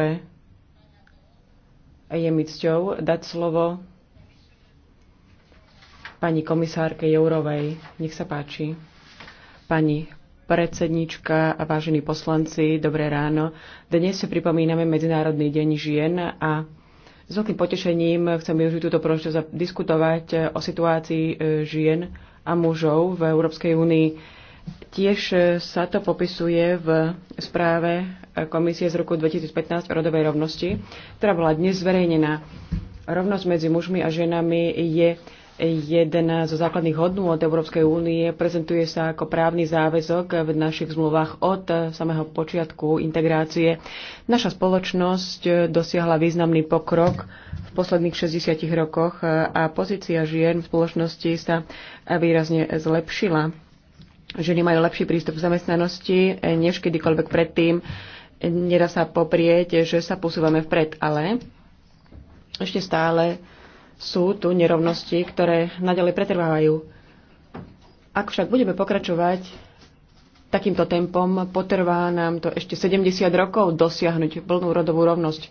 Európe. Je mi cťou dať slovo pani komisárke Jourovej. Nech sa páči. Pani predsednička a vážení poslanci, dobré ráno. Dnes si pripomíname Medzinárodný deň žien a s veľkým potešením chcem využiť túto príležitosť diskutovať o situácii e, žien a mužov v Európskej únii. Tiež e, sa to popisuje v správe e, komisie z roku 2015 o rodovej rovnosti, ktorá bola dnes zverejnená. Rovnosť medzi mužmi a ženami je jedna zo základných od Európskej únie, prezentuje sa ako právny záväzok v našich zmluvách od e, samého počiatku integrácie. Naša spoločnosť dosiahla významný pokrok v posledných 60 rokoch a pozícia žien v spoločnosti sa výrazne zlepšila ženy majú lepší prístup k zamestnanosti eh, než kedykoľvek predtým. Nedá sa poprieť, že sa posúvame vpred, ale ešte stále sú tu nerovnosti, ktoré nadalej pretrvávajú. Ak však budeme pokračovať takýmto tempom, potrvá nám to ešte 70 rokov dosiahnuť plnú rodovú rovnosť.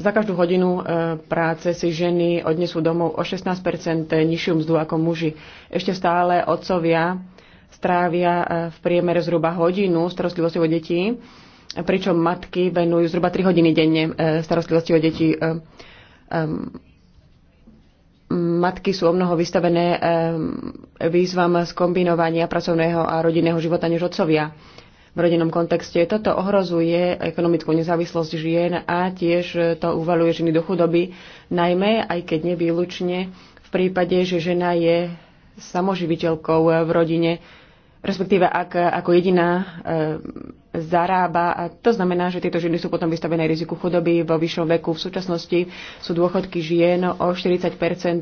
Za každú hodinu e, práce si ženy odnesú domov o 16 nižšiu mzdu ako muži. Ešte stále otcovia strávia e, v priemere zhruba hodinu starostlivosti o detí, pričom matky venujú zhruba 3 hodiny denne e, starostlivosti o deti matky sú o mnoho vystavené výzvam skombinovania pracovného a rodinného života než otcovia v rodinnom kontexte. Toto ohrozuje ekonomickú nezávislosť žien a tiež to uvaluje ženy do chudoby, najmä, aj keď nevýlučne, v prípade, že žena je samoživiteľkou v rodine, respektíve ak ako jediná e, zarába. A to znamená, že tieto ženy sú potom vystavené riziku chudoby vo vyššom veku. V súčasnosti sú dôchodky žien o 40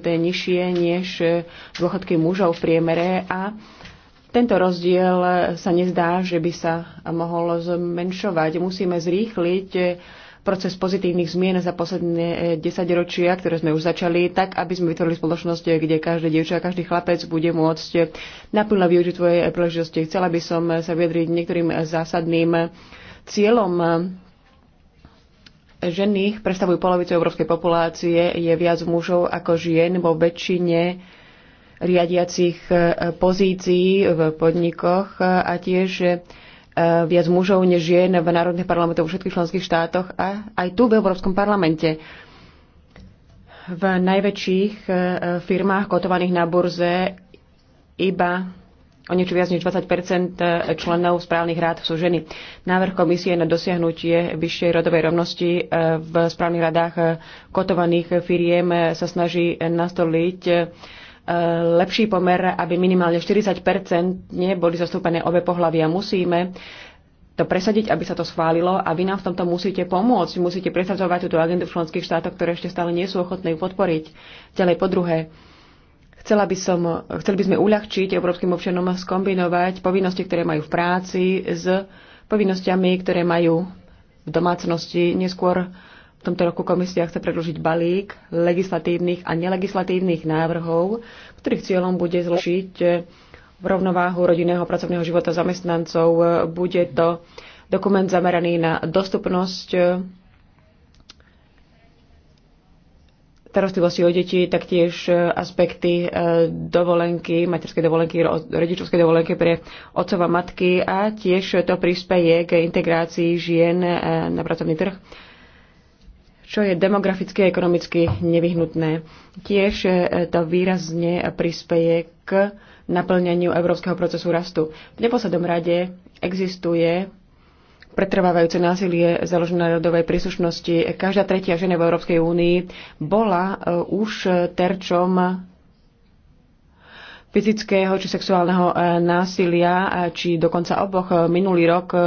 nižšie než dôchodky mužov v priemere a tento rozdiel sa nezdá, že by sa mohol zmenšovať. Musíme zrýchliť proces pozitívnych zmien za posledné 10 eh, ročia, ktoré sme už začali, tak, aby sme vytvorili spoločnosť, eh, kde každé dievča a každý chlapec bude môcť eh, naplno využiť svoje príležitosti. Chcela by som sa vyjadriť niektorým zásadným cieľom ženy predstavujú polovicu európskej populácie, je viac mužov ako žien vo väčšine riadiacich e, pozícií v podnikoch a tiež e, viac mužov než žien v národných parlamentoch vo všetkých členských štátoch a aj tu v Európskom parlamente. V najväčších e, firmách kotovaných na burze iba o niečo viac než 20 členov správnych rád sú ženy. Návrh komisie na dosiahnutie vyššej rodovej rovnosti v správnych radách kotovaných firiem sa snaží nastoliť lepší pomer, aby minimálne 40 boli zastúpené obe a Musíme to presadiť, aby sa to schválilo a vy nám v tomto musíte pomôcť. Musíte presadzovať túto agendu v členských štátoch, ktoré ešte stále nie sú ochotné ju podporiť. Ďalej po druhé, chcela by som, chceli by sme uľahčiť európskym občanom skombinovať povinnosti, ktoré majú v práci s povinnosťami, ktoré majú v domácnosti. Neskôr v tomto roku komisia chce predložiť balík legislatívnych a nelegislatívnych návrhov, ktorých cieľom bude e, v rovnováhu rodinného pracovného života zamestnancov. E, bude to dokument zameraný na dostupnosť e, starostlivosti o deti, taktiež aspekty dovolenky, materskej dovolenky, rodičovskej dovolenky pre otcov a matky a tiež to prispieje k integrácii žien na pracovný trh čo je demograficky a ekonomicky nevyhnutné. Tiež e, to výrazne prispieje k naplňaniu európskeho procesu rastu. V neposlednom rade existuje pretrvávajúce násilie založené na rodovej príslušnosti. Každá tretia žena v Európskej únii bola e, už terčom fyzického či sexuálneho e, násilia, e, či dokonca oboch. Minulý rok e,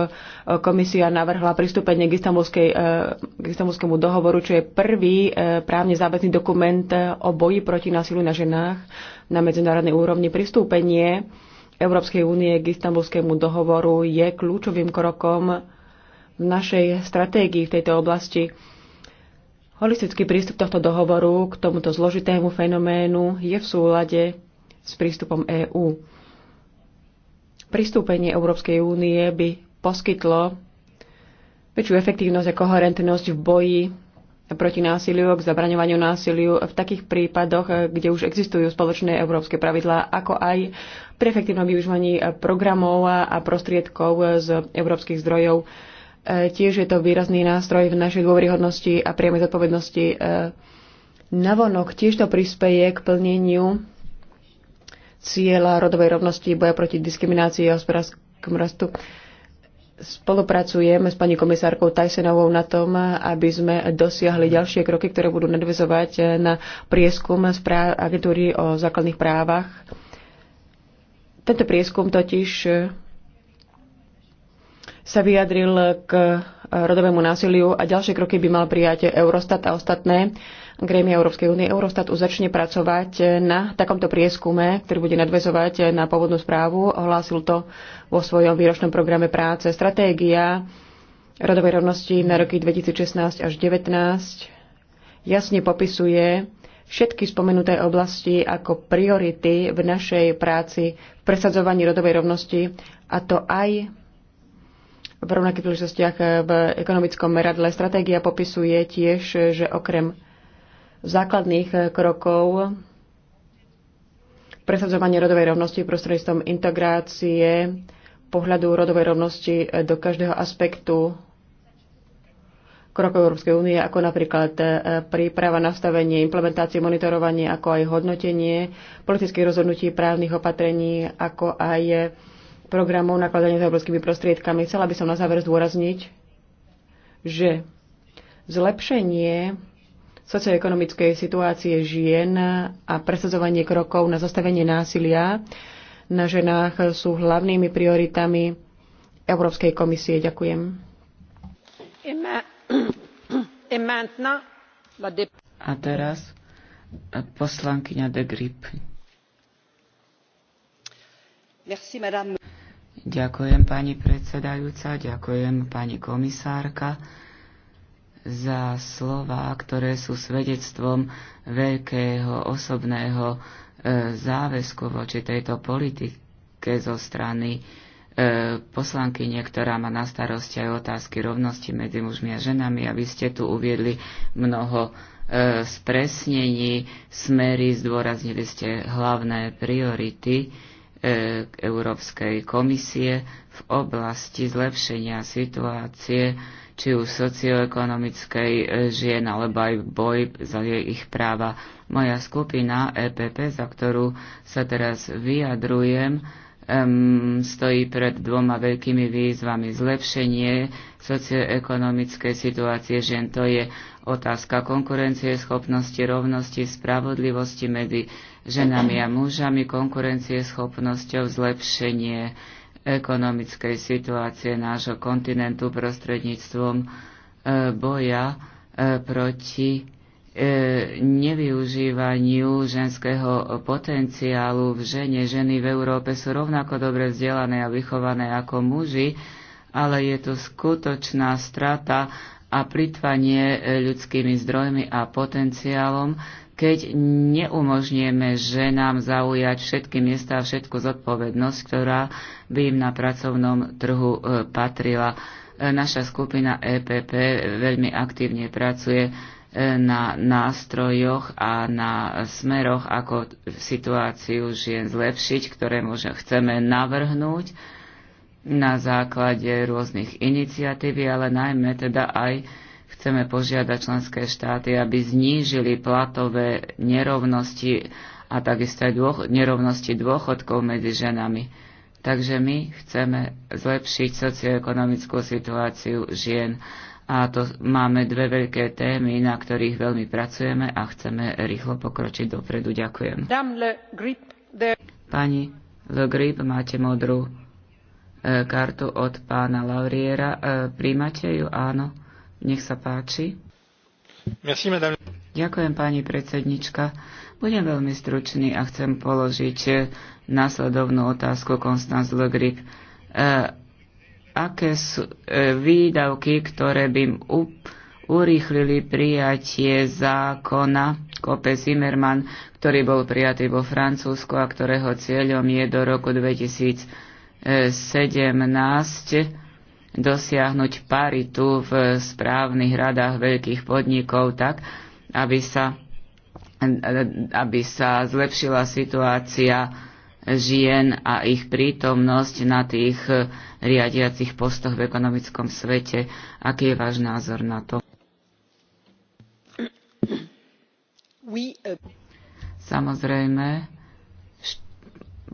komisia navrhla pristúpenie k, k istambulskému dohovoru, čo je prvý právne záväzný dokument o boji proti násiliu na ženách na medzinárodnej úrovni. Pristúpenie Európskej únie k istambulskému dohovoru je kľúčovým krokom v našej stratégii v tejto oblasti. Holistický prístup tohto dohovoru k tomuto zložitému fenoménu je v súlade s prístupom EÚ. Pristúpenie Európskej únie by poskytlo väčšiu efektívnosť a koherentnosť v boji proti násiliu, k zabraňovaniu násiliu v takých prípadoch, kde už existujú spoločné európske pravidlá, ako aj pri efektívnom využívaní programov a prostriedkov z európskych zdrojov. E, tiež je to výrazný nástroj v našej dôveryhodnosti a priamej zodpovednosti e, navonok. Tiež to prispieje k plneniu cieľa rodovej rovnosti, boja proti diskriminácii a hospodárskom rastu. Spolupracujeme s pani komisárkou Tysonovou na tom, aby sme dosiahli ďalšie kroky, ktoré budú nadvezovať na prieskum agentúry o základných právach. Tento prieskum totiž sa vyjadril k rodovému násiliu a ďalšie kroky by mal prijať Eurostat a ostatné Grémia Európskej únie Eurostat už začne pracovať na takomto prieskume, ktorý bude nadvezovať na pôvodnú správu. Ohlásil to vo svojom výročnom programe práce. Stratégia rodovej rovnosti na roky 2016 až 2019 jasne popisuje všetky spomenuté oblasti ako priority v našej práci v presadzovaní rodovej rovnosti a to aj v rovnakých príležitostiach v ekonomickom meradle. Stratégia popisuje tiež, že okrem základných eh, krokov presadzovanie rodovej rovnosti prostredníctvom integrácie pohľadu rodovej rovnosti eh, do každého aspektu krokov Európskej únie, ako napríklad eh, príprava, nastavenie, implementácie, monitorovanie, ako aj hodnotenie politických rozhodnutí, právnych opatrení, ako aj programov nakladania s európskymi prostriedkami. Chcela by som na záver zdôrazniť, že zlepšenie socioekonomickej situácie žien a presadzovanie krokov na zastavenie násilia na ženách sú hlavnými prioritami Európskej komisie. Ďakujem. A teraz e, poslankyňa de Grip. Ďakujem pani predsedajúca, ďakujem pani komisárka za slova, ktoré sú svedectvom veľkého osobného e, záväzku voči tejto politike zo strany e, poslankyne, ktorá má na starosti aj otázky rovnosti medzi mužmi a ženami. aby ste tu uviedli mnoho e, spresnení, smery, zdôraznili ste hlavné priority e, Európskej komisie v oblasti zlepšenia situácie či už socioekonomickej e, žien, alebo aj boj za ich práva. Moja skupina EPP, za ktorú sa teraz vyjadrujem, stojí pred dvoma veľkými výzvami. Zlepšenie socioekonomickej situácie žien, to je otázka konkurencie, schopnosti, rovnosti, spravodlivosti medzi ženami a mužami, konkurencie, schopnosťou, zlepšenie ekonomickej situácie nášho kontinentu prostredníctvom e, boja e, proti e, nevyužívaniu ženského potenciálu v žene. Ženy v Európe sú rovnako dobre vzdelané a vychované ako muži, ale je tu skutočná strata a pritvanie ľudskými zdrojmi a potenciálom, keď neumožníme ženám zaujať všetky miesta a všetku zodpovednosť, ktorá by im na pracovnom trhu e, patrila. E, naša skupina EPP veľmi aktívne pracuje e, na nástrojoch a na smeroch, ako situáciu žien zlepšiť, ktoré môže, chceme navrhnúť na základe rôznych iniciatív, ale najmä teda aj Chceme požiadať členské štáty, aby znížili platové nerovnosti a takisto aj dôch, nerovnosti dôchodkov medzi ženami. Takže my chceme zlepšiť socioekonomickú situáciu žien. A to máme dve veľké témy, na ktorých veľmi pracujeme a chceme rýchlo pokročiť dopredu. Ďakujem. Pani Le Grip, máte modrú e, kartu od pána Lauriera. E, príjmate ju? Áno. Nech sa páči. Merci, madame. Ďakujem, pani predsednička. Budem veľmi stručný a chcem položiť e, následovnú otázku Konstanz Le Grip. E, aké sú e, výdavky, ktoré by up, urýchlili prijatie zákona Kope Zimmerman, ktorý bol prijatý vo Francúzsku a ktorého cieľom je do roku 2017 dosiahnuť paritu v správnych radách veľkých podnikov tak, aby sa, aby sa zlepšila situácia žien a ich prítomnosť na tých riadiacich postoch v ekonomickom svete. Aký je váš názor na to? Euh. Samozrejme,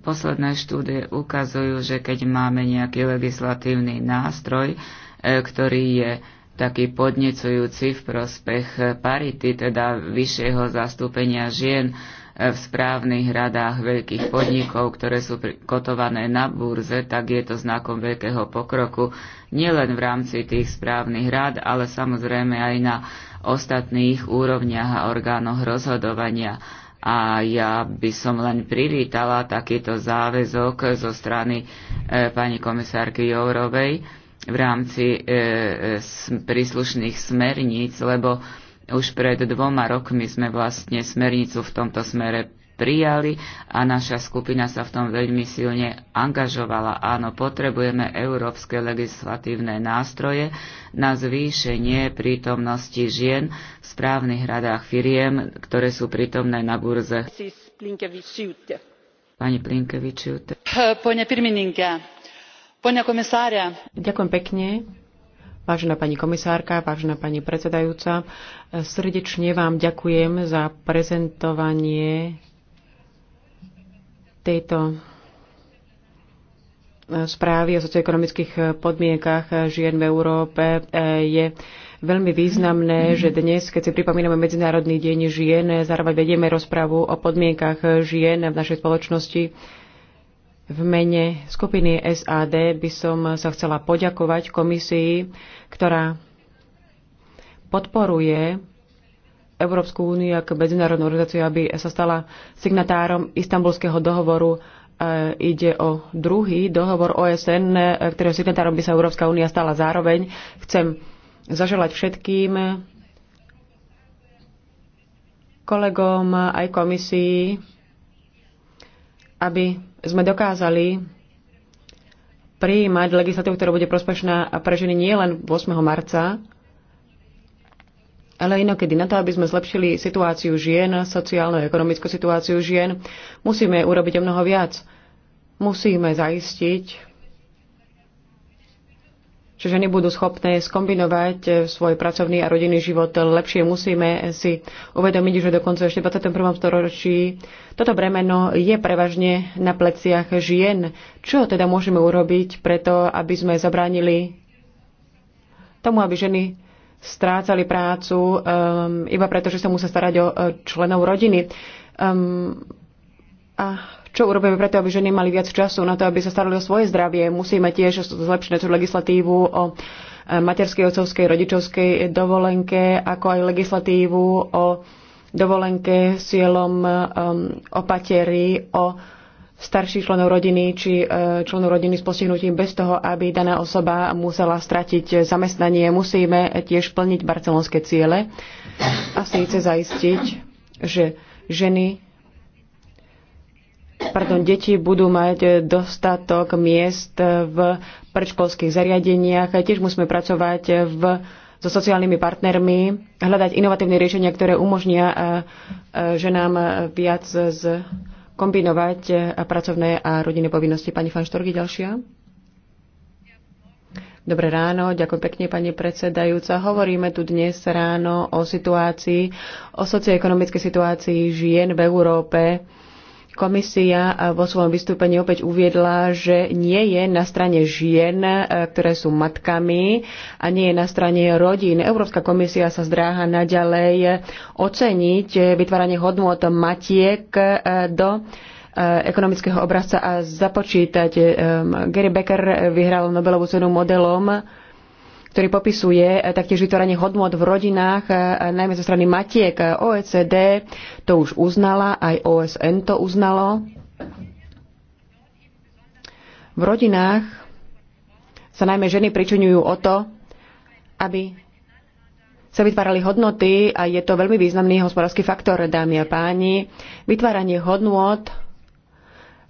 Posledné štúdie ukazujú, že keď máme nejaký legislatívny nástroj, e, ktorý je taký podnecujúci v prospech parity, teda vyššieho zastúpenia žien e, v správnych radách veľkých podnikov, ktoré sú kotované na burze, tak je to znakom veľkého pokroku nielen v rámci tých správnych rád, ale samozrejme aj na ostatných úrovniach a orgánoch rozhodovania. A ja by som len privítala takýto záväzok zo strany e, pani komisárky Jourovej v rámci e, e s, príslušných smerníc, lebo už pred dvoma rokmi sme vlastne smernicu v tomto smere prijali a naša skupina sa v tom veľmi silne angažovala. Áno, potrebujeme európske legislatívne nástroje na zvýšenie prítomnosti žien v správnych radách firiem, ktoré sú prítomné na burze. Pani Plinkevičiute. Pane pirmininke, pane komisária. Ďakujem pekne. Vážená pani komisárka, vážená pani predsedajúca, srdečne vám ďakujem za prezentovanie tejto e, správy o socioekonomických e, podmienkach e, žien v Európe je veľmi významné, že dnes, keď si pripomíname Medzinárodný deň žien, zároveň vedieme rozpravu o podmienkach žien v našej spoločnosti. V mene skupiny SAD by som sa chcela poďakovať komisii, ktorá podporuje Európsku úniu ako medzinárodnú organizáciu, aby sa stala signatárom istambulského dohovoru. E, ide o druhý dohovor OSN, e, ktorého signatárom by sa Európska únia stala zároveň. Chcem zaželať všetkým kolegom aj komisii, aby sme dokázali prijímať legislatívu, ktorá bude prospešná pre ženy nie len 8. marca, ale inokedy na to, aby sme zlepšili situáciu žien, sociálnu a ekonomickú situáciu žien, musíme urobiť o mnoho viac. Musíme zaistiť, že ženy budú schopné skombinovať eh, svoj pracovný a rodinný život lepšie. Musíme si uvedomiť, že dokonca ešte v 21. storočí toto bremeno je prevažne na pleciach žien. Čo teda môžeme urobiť preto, aby sme zabránili tomu, aby ženy strácali prácu um, iba preto, že sa musia starať o členov rodiny. Um, a čo urobíme preto, aby ženy mali viac času na to, aby sa starali o svoje zdravie? Musíme tiež zlepšiť legislatívu o e, materskej, otcovskej, rodičovskej dovolenke, ako aj legislatívu o dovolenke s cieľom e, um, opatery, o starších členov rodiny či e, členov rodiny s postihnutím bez toho, aby daná osoba musela stratiť zamestnanie. Musíme tiež plniť barcelonské ciele a síce zaistiť, že ženy pardon, deti budú mať dostatok miest v predškolských zariadeniach. Tiež musíme pracovať v so sociálnymi partnermi, hľadať inovatívne riešenia, ktoré umožnia e, e, ženám viac z kombinovať e, pracovné a rodinné povinnosti. Pani Fanštorgi, ďalšia. Dobré ráno, ďakujem pekne pani predsedajúca. Hovoríme tu dnes ráno o situácii, o socioekonomickej situácii žien v Európe Komisia eh, vo svojom vystúpení opäť uviedla, že nie je na strane žien, eh, ktoré sú matkami a nie je na strane rodín. Európska komisia sa zdráha naďalej eh, oceniť vytváranie hodnot matiek do ekonomického obrazca a započítať. Gary Becker vyhral Nobelovú cenu modelom ktorý popisuje e, taktiež vytvorenie hodnot v rodinách, e, e, najmä zo strany matiek. OECD to už uznala, aj OSN to uznalo. V rodinách sa najmä ženy pričuňujú o to, aby sa vytvárali hodnoty a je to veľmi významný hospodársky faktor, dámy a páni. Vytváranie hodnot.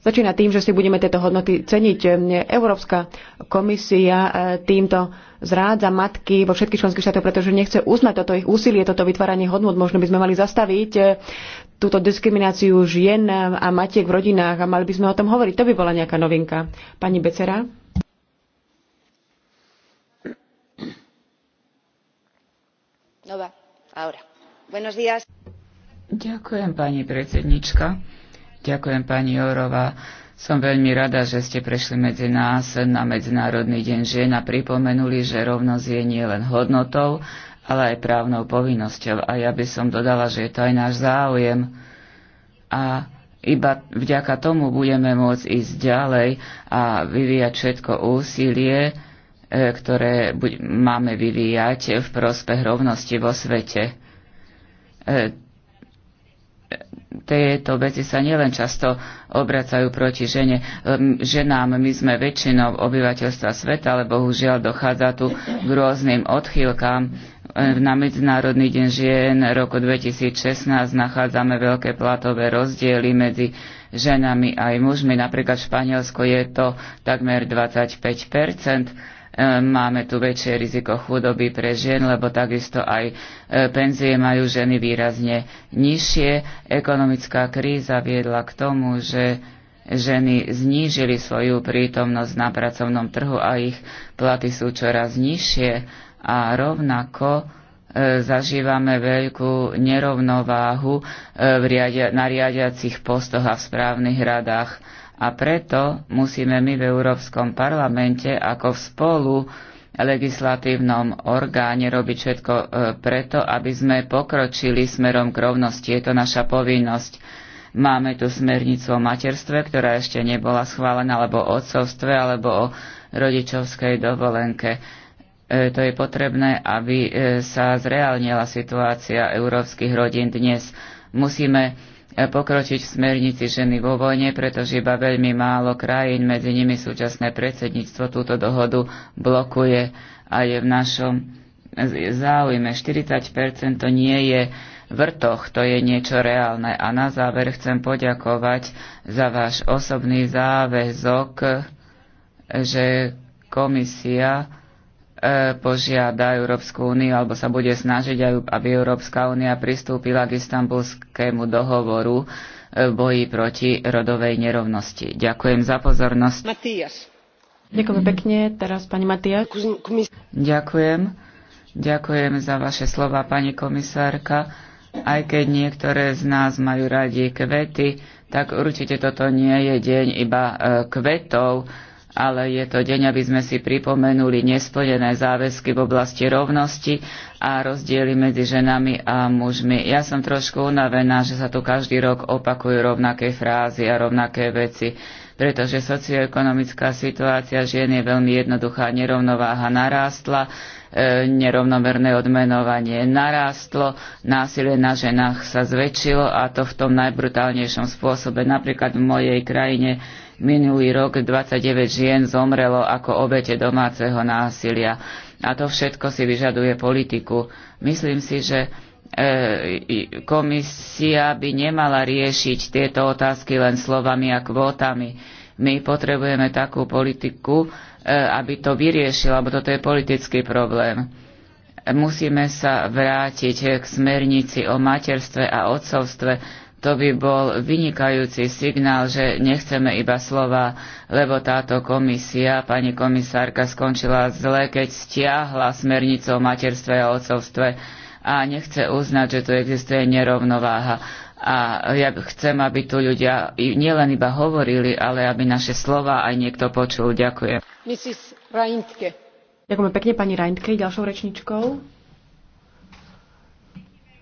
Začína tým, že si budeme tieto hodnoty ceniť. Európska komisia e, týmto zrádza matky vo všetkých členských štátoch, pretože nechce uznať toto ich úsilie, toto vytváranie hodnot. Možno by sme mali zastaviť e, túto diskrimináciu žien a matiek v rodinách a mali by sme o tom hovoriť. To by bola nejaká novinka. Pani Becera? Nova, ahora. Buenos días. Ďakujem, pani predsednička. Ďakujem, pani Jorová. Som veľmi rada, že ste prešli medzi nás na Medzinárodný deň žien a pripomenuli, že rovnosť je nielen hodnotou, ale aj právnou povinnosťou. A ja by som dodala, že je to aj náš záujem. A iba vďaka tomu budeme môcť ísť ďalej a vyvíjať všetko úsilie, e, ktoré máme vyvíjať v prospech rovnosti vo svete e, tieto veci sa nielen často obracajú proti žene, ehm, ženám, my sme väčšinou obyvateľstva sveta, ale bohužiaľ dochádza tu k rôznym odchýlkám. Ehm, na Medzinárodný deň žien roku 2016 nachádzame veľké platové rozdiely medzi ženami aj mužmi. Napríklad v Španielsku je to takmer 25 máme tu väčšie riziko chudoby pre žien, lebo takisto aj e, penzie majú ženy výrazne nižšie. Ekonomická kríza viedla k tomu, že ženy znížili svoju prítomnosť na pracovnom trhu a ich platy sú čoraz nižšie a rovnako e, zažívame veľkú nerovnováhu e, v riadia, na riadiacich postoch a v správnych radách a preto musíme my v Európskom parlamente ako v spolu legislatívnom orgáne robiť všetko e, preto, aby sme pokročili smerom k rovnosti. Je to naša povinnosť. Máme tu smernicu o materstve, ktorá ešte nebola schválená, alebo o otcovstve, alebo o rodičovskej dovolenke. E, to je potrebné, aby e, sa zreálnila situácia európskych rodín dnes. Musíme pokročiť v smernici ženy vo vojne, pretože iba veľmi málo krajín, medzi nimi súčasné predsedníctvo, túto dohodu blokuje a je v našom záujme. 40% to nie je vrtoch, to je niečo reálne. A na záver chcem poďakovať za váš osobný záväzok, že komisia požiada Európsku úniu alebo sa bude snažiť, aby Európska únia pristúpila k istambulskému dohovoru e, v boji proti rodovej nerovnosti. Ďakujem za pozornosť. Matias. Ďakujem pekne. Teraz pani Matias. Ďakujem. Ďakujem za vaše slova, pani komisárka. Aj keď niektoré z nás majú radi kvety, tak určite toto nie je deň iba e, kvetov ale je to deň, aby sme si pripomenuli nesplnené záväzky v oblasti rovnosti a rozdiely medzi ženami a mužmi. Ja som trošku unavená, že sa tu každý rok opakujú rovnaké frázy a rovnaké veci, pretože socioekonomická situácia žien je veľmi jednoduchá, nerovnováha narástla, e, nerovnomerné odmenovanie narástlo, násilie na ženách sa zväčšilo a to v tom najbrutálnejšom spôsobe. Napríklad v mojej krajine Minulý rok 29 žien zomrelo ako obete domáceho násilia. A to všetko si vyžaduje politiku. Myslím si, že e, komisia by nemala riešiť tieto otázky len slovami a kvótami. My potrebujeme takú politiku, e, aby to vyriešila, lebo toto je politický problém musíme sa vrátiť k smernici o materstve a otcovstve, to by bol vynikajúci signál, že nechceme iba slova, lebo táto komisia, pani komisárka, skončila zle, keď stiahla smernicu o materstve a otcovstve a nechce uznať, že tu existuje nerovnováha. A ja chcem, aby tu ľudia nielen iba hovorili, ale aby naše slova aj niekto počul. Ďakujem. Mrs. Reintke. Ďakujem pekne pani Reintke, ďalšou rečničkou.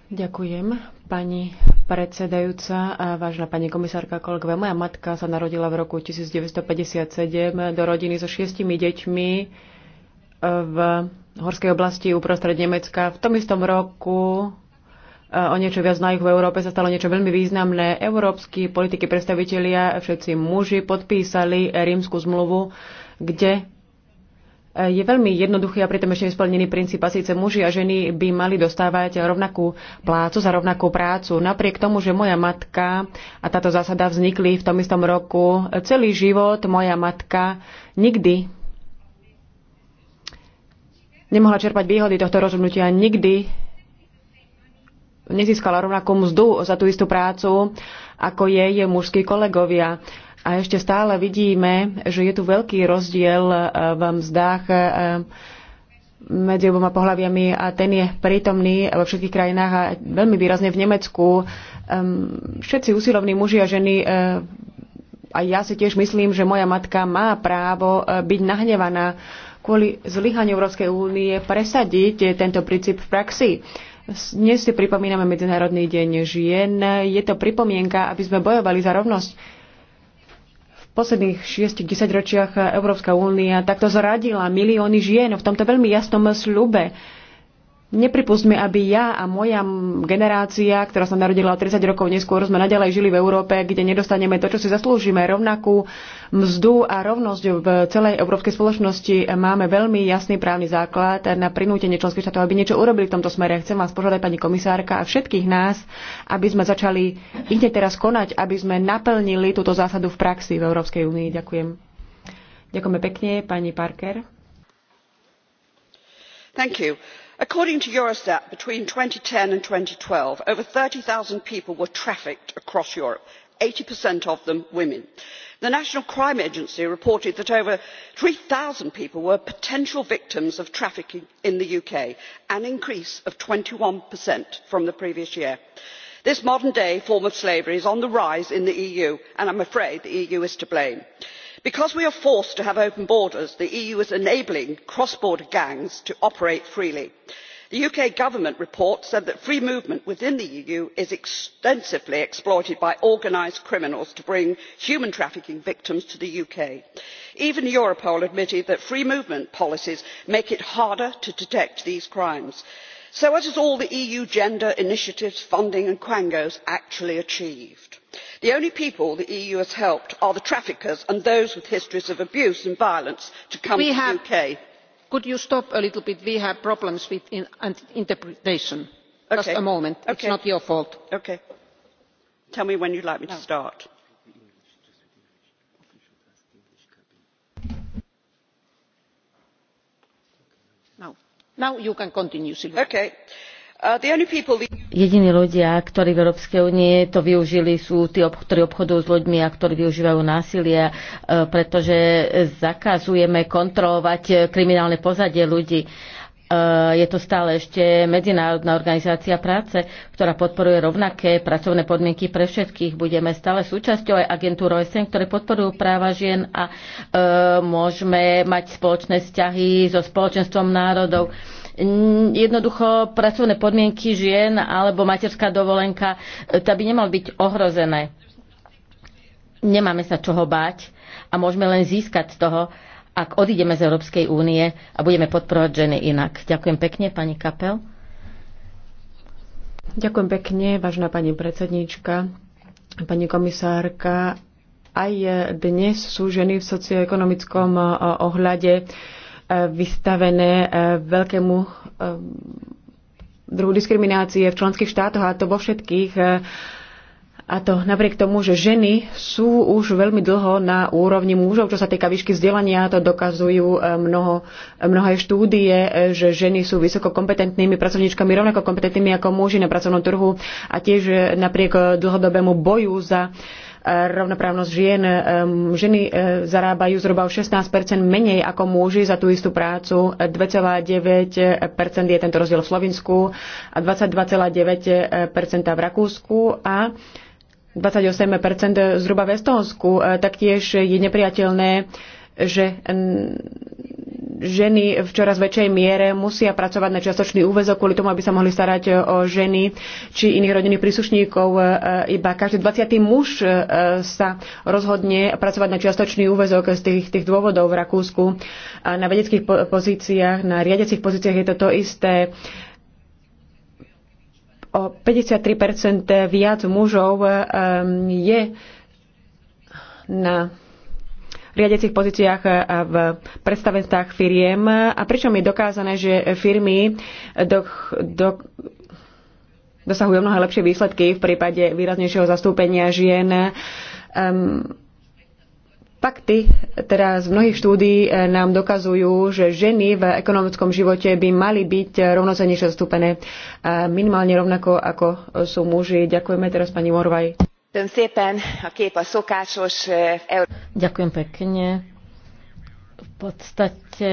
Ďakujem, pani predsedajúca a vážna pani komisárka kolegové, Moja matka sa narodila v roku 1957 do rodiny so šiestimi deťmi e, v horskej oblasti uprostred Nemecka. V tom istom roku e, o niečo viac na v Európe sa stalo niečo veľmi významné. Európsky politiky predstavitelia, všetci muži podpísali rímsku zmluvu, kde je veľmi jednoduchý a pritom ešte nesplnený princíp a síce muži a ženy by mali dostávať rovnakú plácu za rovnakú prácu. Napriek tomu, že moja matka a táto zásada vznikli v tom istom roku, celý život moja matka nikdy nemohla čerpať výhody tohto rozhodnutia, nikdy nezískala rovnakú mzdu za tú istú prácu, ako jej mužskí kolegovia. A ešte stále vidíme, že je tu veľký rozdiel e, v mzdách e, medzi oboma pohľaviami a ten je prítomný vo všetkých krajinách a veľmi výrazne v Nemecku. Všetci usilovní muži a ženy, e, a ja si tiež myslím, že moja matka má právo byť nahnevaná kvôli zlyhaniu Európskej únie presadiť tento princíp v praxi. Dnes si pripomíname Medzinárodný deň žien. Je to pripomienka, aby sme bojovali za rovnosť posledných 6-10 ročiach Európska únia takto zradila milióny žien v tomto veľmi jasnom slube Nepripustme, aby ja a moja generácia, ktorá sa narodila 30 rokov neskôr, sme naďalej žili v Európe, kde nedostaneme to, čo si zaslúžime, rovnakú mzdu a rovnosť v celej európskej spoločnosti. Máme veľmi jasný právny základ na prinútenie členských štátov, aby niečo urobili v tomto smere. Chcem vás požiadať, pani komisárka, a všetkých nás, aby sme začali ide teraz konať, aby sme naplnili túto zásadu v praxi v Európskej únii. Ďakujem. Ďakujeme pekne, pani Parker madam president according to eurostat between two thousand and ten and two thousand and twelve over thirty zero people were trafficked across europe eighty of them women. the national crime agency reported that over three zero people were potential victims of trafficking in the uk an increase of twenty one from the previous year. this modern day form of slavery is on the rise in the eu and i am afraid the eu is to blame because we are forced to have open borders the eu is enabling cross border gangs to operate freely. the uk government report said that free movement within the eu is extensively exploited by organised criminals to bring human trafficking victims to the uk. even europol admitted that free movement policies make it harder to detect these crimes. so what has all the eu gender initiatives funding and quangos actually achieved? the only people the eu has helped are the traffickers and those with histories of abuse and violence to come to the uk. could you stop a little bit? we have problems with interpretation. just a moment. is not your fault. okay. tell me when would like me to no. start. No. now you can continue silvia. Uh, Jediní ľudia, ktorí v Európskej únie to využili, sú tí, ktorí obchodujú s ľuďmi a ktorí využívajú násilie, uh, pretože zakazujeme kontrolovať kriminálne pozadie ľudí. Uh, je to stále ešte Medzinárodná organizácia práce, ktorá podporuje rovnaké pracovné podmienky pre všetkých. Budeme stále súčasťou aj agentúr OSN, ktoré podporujú práva žien a môžeme mať spoločné vzťahy so spoločenstvom národov Jednoducho pracovné podmienky žien alebo materská dovolenka, e, to by nemal byť ohrozené. Nemáme sa čoho báť a môžeme len získať z toho, ak odídeme z Európskej únie a budeme podporovať ženy inak. Ďakujem pekne, pani Kapel. Ďakujem pekne, vážna pani predsedníčka, pani komisárka. Aj dnes sú ženy v socioekonomickom e, ohľade vystavené e, veľkému e, druhu diskriminácie v členských štátoch a to vo všetkých. E, a to napriek tomu, že ženy sú už veľmi dlho na úrovni mužov, čo sa týka výšky vzdelania, to dokazujú mnoho, mnohé štúdie, že ženy sú vysoko kompetentnými pracovníčkami, rovnako kompetentnými ako muži na pracovnom trhu a tiež napriek dlhodobému boju za rovnoprávnosť žien. Ehm, ženy e, zarábajú zhruba o 16 menej ako muži za tú istú prácu. 2,9 je tento rozdiel v Slovensku a 22,9 v Rakúsku a 28 zhruba v Estónsku. E, taktiež je nepriateľné, že ženy v čoraz väčšej miere musia pracovať na čiastočný úvezok kvôli tomu, aby sa mohli starať o ženy či iných rodinných príslušníkov. E, iba každý 20. muž e, sa rozhodne pracovať na čiastočný úvezok z tých, tých dôvodov v Rakúsku. A na vedeckých pozíciách, na riadiacich pozíciách je to to isté o 53 viac mužov e, je na riadiacich pozíciách e, v predstavenstvách firiem. A pričom je dokázané, že firmy do, do, dosahujú mnohé lepšie výsledky v prípade výraznejšieho zastúpenia žien. Um, fakty teda z mnohých štúdí e, nám dokazujú, že ženy v ekonomickom živote by mali byť rovnocenejšie zastúpené e, minimálne rovnako ako sú muži. Ďakujeme teraz pani Morvaj. Ďakujem pekne. V podstate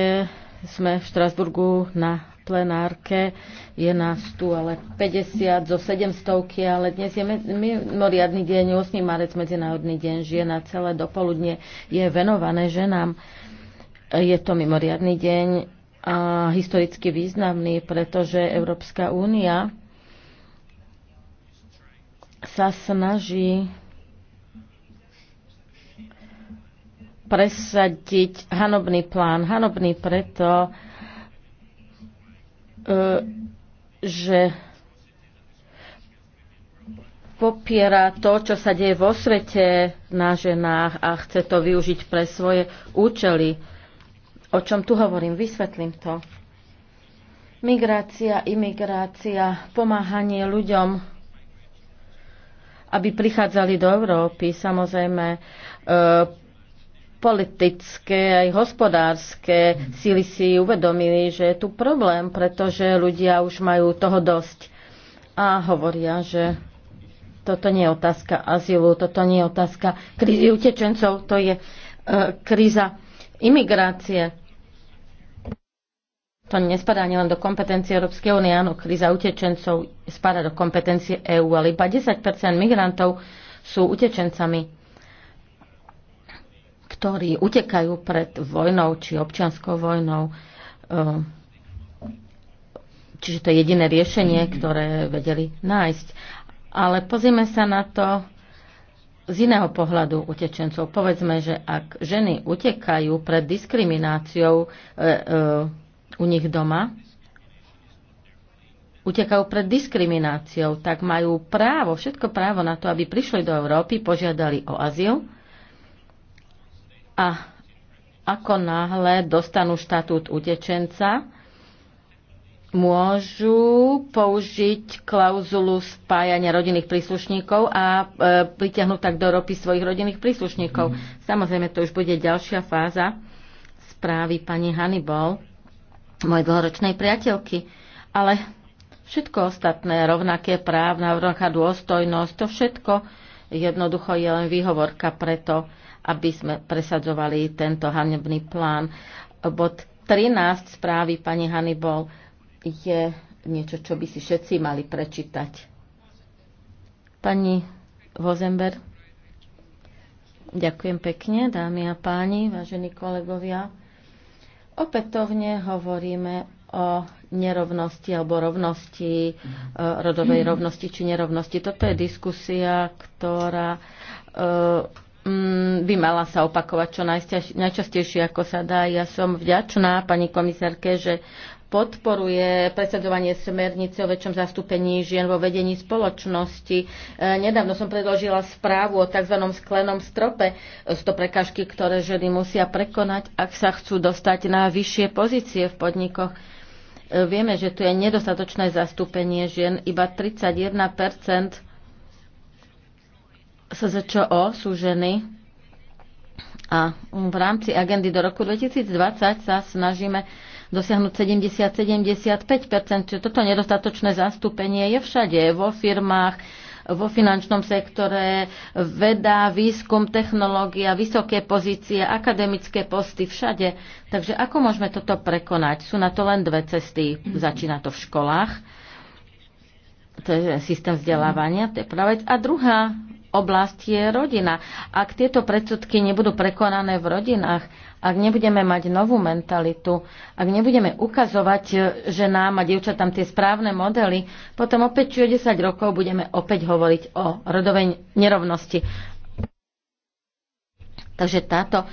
sme v Štrasburgu na plenárke. Je nás tu ale 50 zo 700, ale dnes je mimoriadný deň, 8. marec, Medzinárodný deň žien a celé dopoludne je venované ženám. Je to mimoriadný deň a historicky významný, pretože Európska únia sa snaží presadiť hanobný plán. Hanobný preto, e, že popiera to, čo sa deje vo svete na ženách a chce to využiť pre svoje účely. O čom tu hovorím? Vysvetlím to. Migrácia, imigrácia, pomáhanie ľuďom aby prichádzali do Európy. Samozrejme, e, politické aj hospodárske síly si uvedomili, že je tu problém, pretože ľudia už majú toho dosť a hovoria, že toto nie je otázka azylu, toto nie je otázka krízy utečencov, to je e, kríza imigrácie. To nespadá nielen do kompetencie Európskej únie, áno, kríza utečencov spadá do kompetencie EÚ, ale iba 10 migrantov sú utečencami, ktorí utekajú pred vojnou či občianskou vojnou. Ehm, čiže to je jediné riešenie, ktoré vedeli nájsť. Ale pozrieme sa na to z iného pohľadu utečencov. Povedzme, že ak ženy utekajú pred diskrimináciou e, e, u nich doma, utekajú pred diskrimináciou, tak majú právo, všetko právo na to, aby prišli do Európy, požiadali o azyl a ako náhle dostanú štatút utečenca, môžu použiť klauzulu spájania rodinných príslušníkov a e, pritiahnuť tak do Európy svojich rodinných príslušníkov. Mm. Samozrejme, to už bude ďalšia fáza správy pani Hannibal mojej dlhoročnej priateľky. Ale všetko ostatné, rovnaké právna, rovnaká dôstojnosť, to všetko jednoducho je len výhovorka preto, aby sme presadzovali tento hanebný plán. Bod 13 správy pani Hannibal je niečo, čo by si všetci mali prečítať. Pani Vozember, ďakujem pekne, dámy a páni, vážení kolegovia. Opätovne hovoríme o nerovnosti alebo rovnosti, e, rodovej mhm. rovnosti či nerovnosti. Toto je diskusia, ktorá e, mm, by mala sa opakovať čo najčastejšie, ako sa dá. Ja som vďačná pani komisárke, že podporuje presadovanie smernice o väčšom zastúpení žien vo vedení spoločnosti. E, nedávno som predložila správu o tzv. sklenom strope, 100 e, prekažky, ktoré ženy musia prekonať, ak sa chcú dostať na vyššie pozície v podnikoch. E, vieme, že tu je nedostatočné zastúpenie žien, iba 31 SZČO sú ženy a v rámci agendy do roku 2020 sa snažíme dosiahnuť 70-75%, čiže toto nedostatočné zastúpenie je všade, vo firmách, vo finančnom sektore, veda, výskum, technológia, vysoké pozície, akademické posty, všade. Takže ako môžeme toto prekonať? Sú na to len dve cesty. Začína to v školách, to je systém vzdelávania, to je pravec. A druhá oblasť je rodina. Ak tieto predsudky nebudú prekonané v rodinách, ak nebudeme mať novú mentalitu, ak nebudeme ukazovať ženám a dievčatám tie správne modely, potom opäť o 10 rokov budeme opäť hovoriť o rodovej nerovnosti. Takže táto e,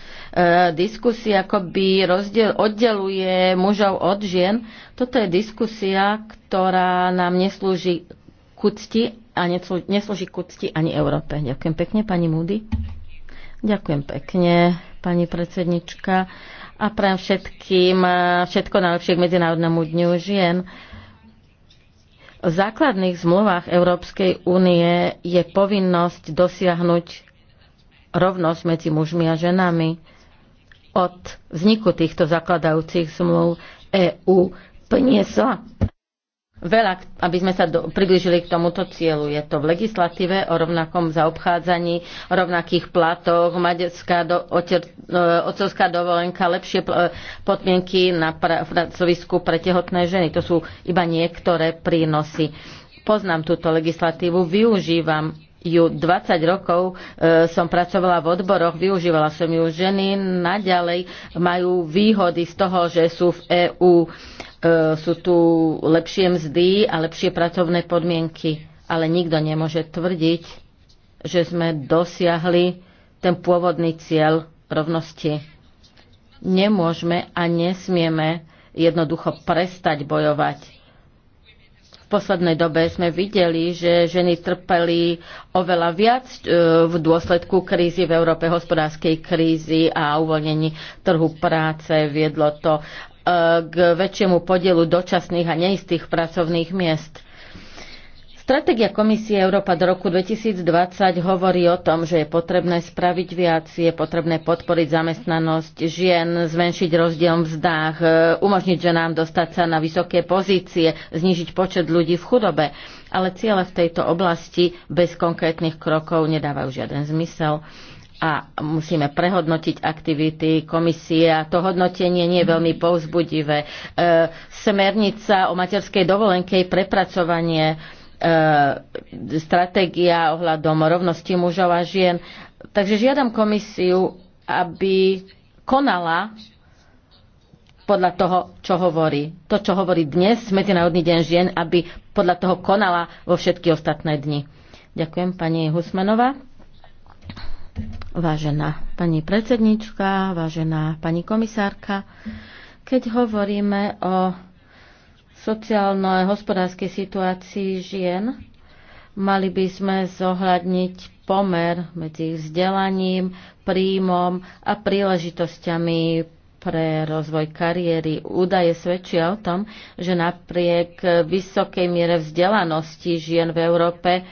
diskusia akoby rozdiel, oddeluje mužov od žien. Toto je diskusia, ktorá nám neslúži ku cti, a neslúži ku cti ani Európe. Ďakujem pekne, pani Múdy. Ďakujem pekne, pani predsednička. A prajem všetkým všetko najlepšie k Medzinárodnému dňu žien. V základných zmluvách Európskej únie je povinnosť dosiahnuť rovnosť medzi mužmi a ženami. Od vzniku týchto zakladajúcich zmluv EÚ priniesla veľa, aby sme sa do, približili k tomuto cieľu. Je to v legislatíve o rovnakom zaobchádzaní, o rovnakých platoch, materská do, e, otcovská dovolenka, lepšie e, podmienky na pracovisku pre tehotné ženy. To sú iba niektoré prínosy. Poznám túto legislatívu, využívam ju 20 rokov e, som pracovala v odboroch, využívala som ju. Ženy naďalej majú výhody z toho, že sú v EÚ. E, sú tu lepšie mzdy a lepšie pracovné podmienky, ale nikto nemôže tvrdiť, že sme dosiahli ten pôvodný cieľ rovnosti. Nemôžeme a nesmieme jednoducho prestať bojovať. V poslednej dobe sme videli, že ženy trpeli oveľa viac e, v dôsledku krízy v Európe, hospodárskej krízy a uvoľnení trhu práce. Viedlo to E, k väčšiemu podielu dočasných a neistých pracovných miest. Stratégia Komisie Európa do roku 2020 hovorí o tom, že je potrebné spraviť viac, je potrebné podporiť zamestnanosť žien, zmenšiť rozdiel v zdách, e, umožniť ženám dostať sa na vysoké pozície, znižiť počet ľudí v chudobe. Ale ciele v tejto oblasti bez konkrétnych krokov nedávajú žiaden zmysel a musíme prehodnotiť aktivity komisie a to hodnotenie nie je veľmi povzbudivé. E, smernica o materskej dovolenke, je prepracovanie, e, stratégia ohľadom rovnosti mužov a žien. Takže žiadam komisiu, aby konala podľa toho, čo hovorí. To, čo hovorí dnes, Medzinárodný deň žien, aby podľa toho konala vo všetky ostatné dni. Ďakujem pani Husmanová. Vážená pani predsednička, vážená pani komisárka, keď hovoríme o sociálno-hospodárskej situácii žien, mali by sme zohľadniť pomer medzi ich vzdelaním, príjmom a príležitosťami pre rozvoj kariéry. Údaje svedčia o tom, že napriek vysokej miere vzdelanosti žien v Európe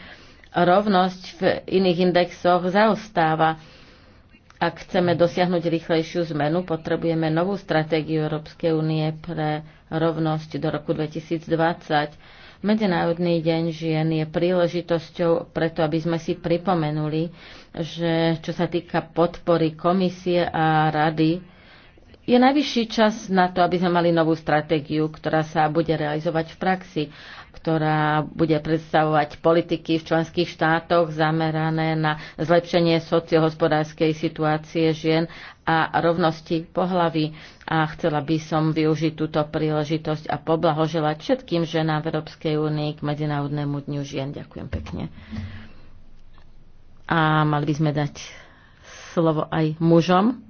rovnosť v iných indexoch zaostáva. Ak chceme dosiahnuť rýchlejšiu zmenu, potrebujeme novú stratégiu Európskej únie pre rovnosť do roku 2020. Medzinárodný deň žien je príležitosťou preto, aby sme si pripomenuli, že čo sa týka podpory komisie a rady, je najvyšší čas na to, aby sme mali novú stratégiu, ktorá sa bude realizovať v praxi ktorá bude predstavovať politiky v členských štátoch zamerané na zlepšenie sociohospodárskej situácie žien a rovnosti pohlaví. A chcela by som využiť túto príležitosť a poblahoželať všetkým ženám v Európskej únii k Medzinárodnému dňu žien. Ďakujem pekne. A mali by sme dať slovo aj mužom.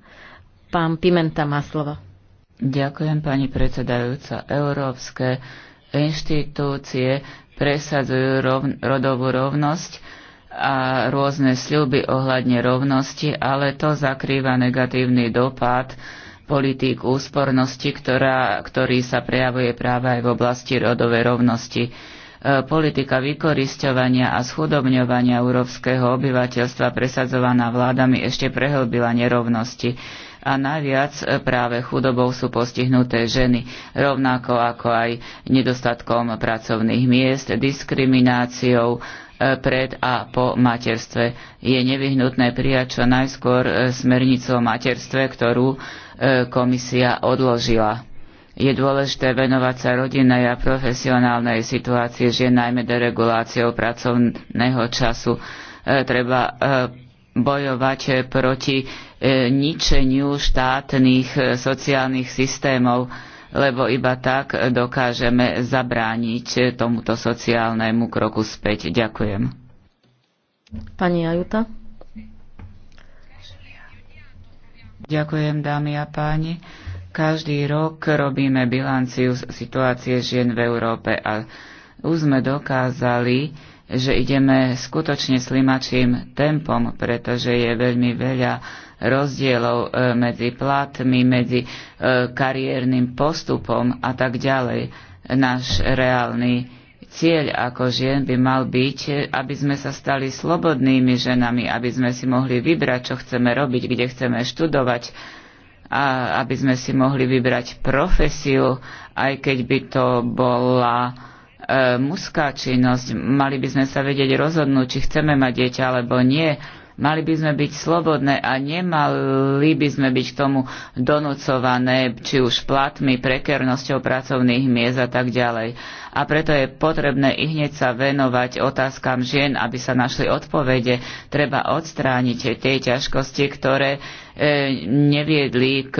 Pán Pimenta má slovo. Ďakujem, pani predsedajúca. Európske inštitúcie presadzujú rovn- rodovú rovnosť a rôzne sľuby ohľadne rovnosti, ale to zakrýva negatívny dopad politík úspornosti, ktorá, ktorý sa prejavuje práve aj v oblasti rodovej rovnosti. E, politika vykorisťovania a schudobňovania európskeho obyvateľstva presadzovaná vládami ešte prehlbila nerovnosti a najviac e, práve chudobou sú postihnuté ženy, rovnako ako aj nedostatkom pracovných miest, diskrimináciou e, pred a po materstve. Je nevyhnutné prijať čo najskôr e, smernicu o materstve, ktorú komisia odložila. Je dôležité venovať sa rodinnej a profesionálnej situácii žien najmä dereguláciou pracovného času. Treba bojovať proti E, ničeniu štátnych e, sociálnych systémov, lebo iba tak dokážeme zabrániť e, tomuto sociálnemu kroku späť. Ďakujem. Pani Ajuta. Ďakujem, dámy a páni. Každý rok robíme bilanciu situácie žien v Európe a už sme dokázali, že ideme skutočne slimačím tempom, pretože je veľmi veľa rozdielov e, medzi platmi, medzi e, kariérnym postupom a tak ďalej. Náš reálny cieľ ako žien by mal byť, e, aby sme sa stali slobodnými ženami, aby sme si mohli vybrať, čo chceme robiť, kde chceme študovať a aby sme si mohli vybrať profesiu, aj keď by to bola e, mužská činnosť. Mali by sme sa vedieť rozhodnúť, či chceme mať dieťa alebo nie Mali by sme byť slobodné a nemali by sme byť k tomu donúcované, či už platmi, prekernosťou pracovných miest a tak ďalej. A preto je potrebné i hneď sa venovať otázkam žien, aby sa našli odpovede. Treba odstrániť tie ťažkosti, ktoré e, neviedli k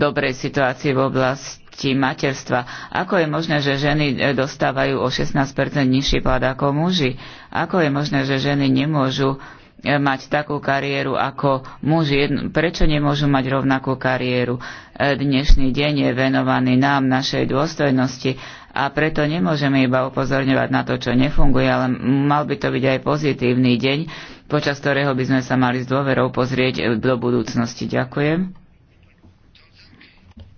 dobrej situácii v oblasti materstva. Ako je možné, že ženy e, dostávajú o 16% nižší plat ako muži? Ako je možné, že ženy nemôžu mať takú kariéru ako muži. Prečo nemôžu mať rovnakú kariéru? E, dnešný deň je venovaný nám, našej dôstojnosti a preto nemôžeme iba upozorňovať na to, čo nefunguje, ale mal by to byť aj pozitívny deň, počas ktorého by sme sa mali s dôverou pozrieť e, do budúcnosti. Ďakujem.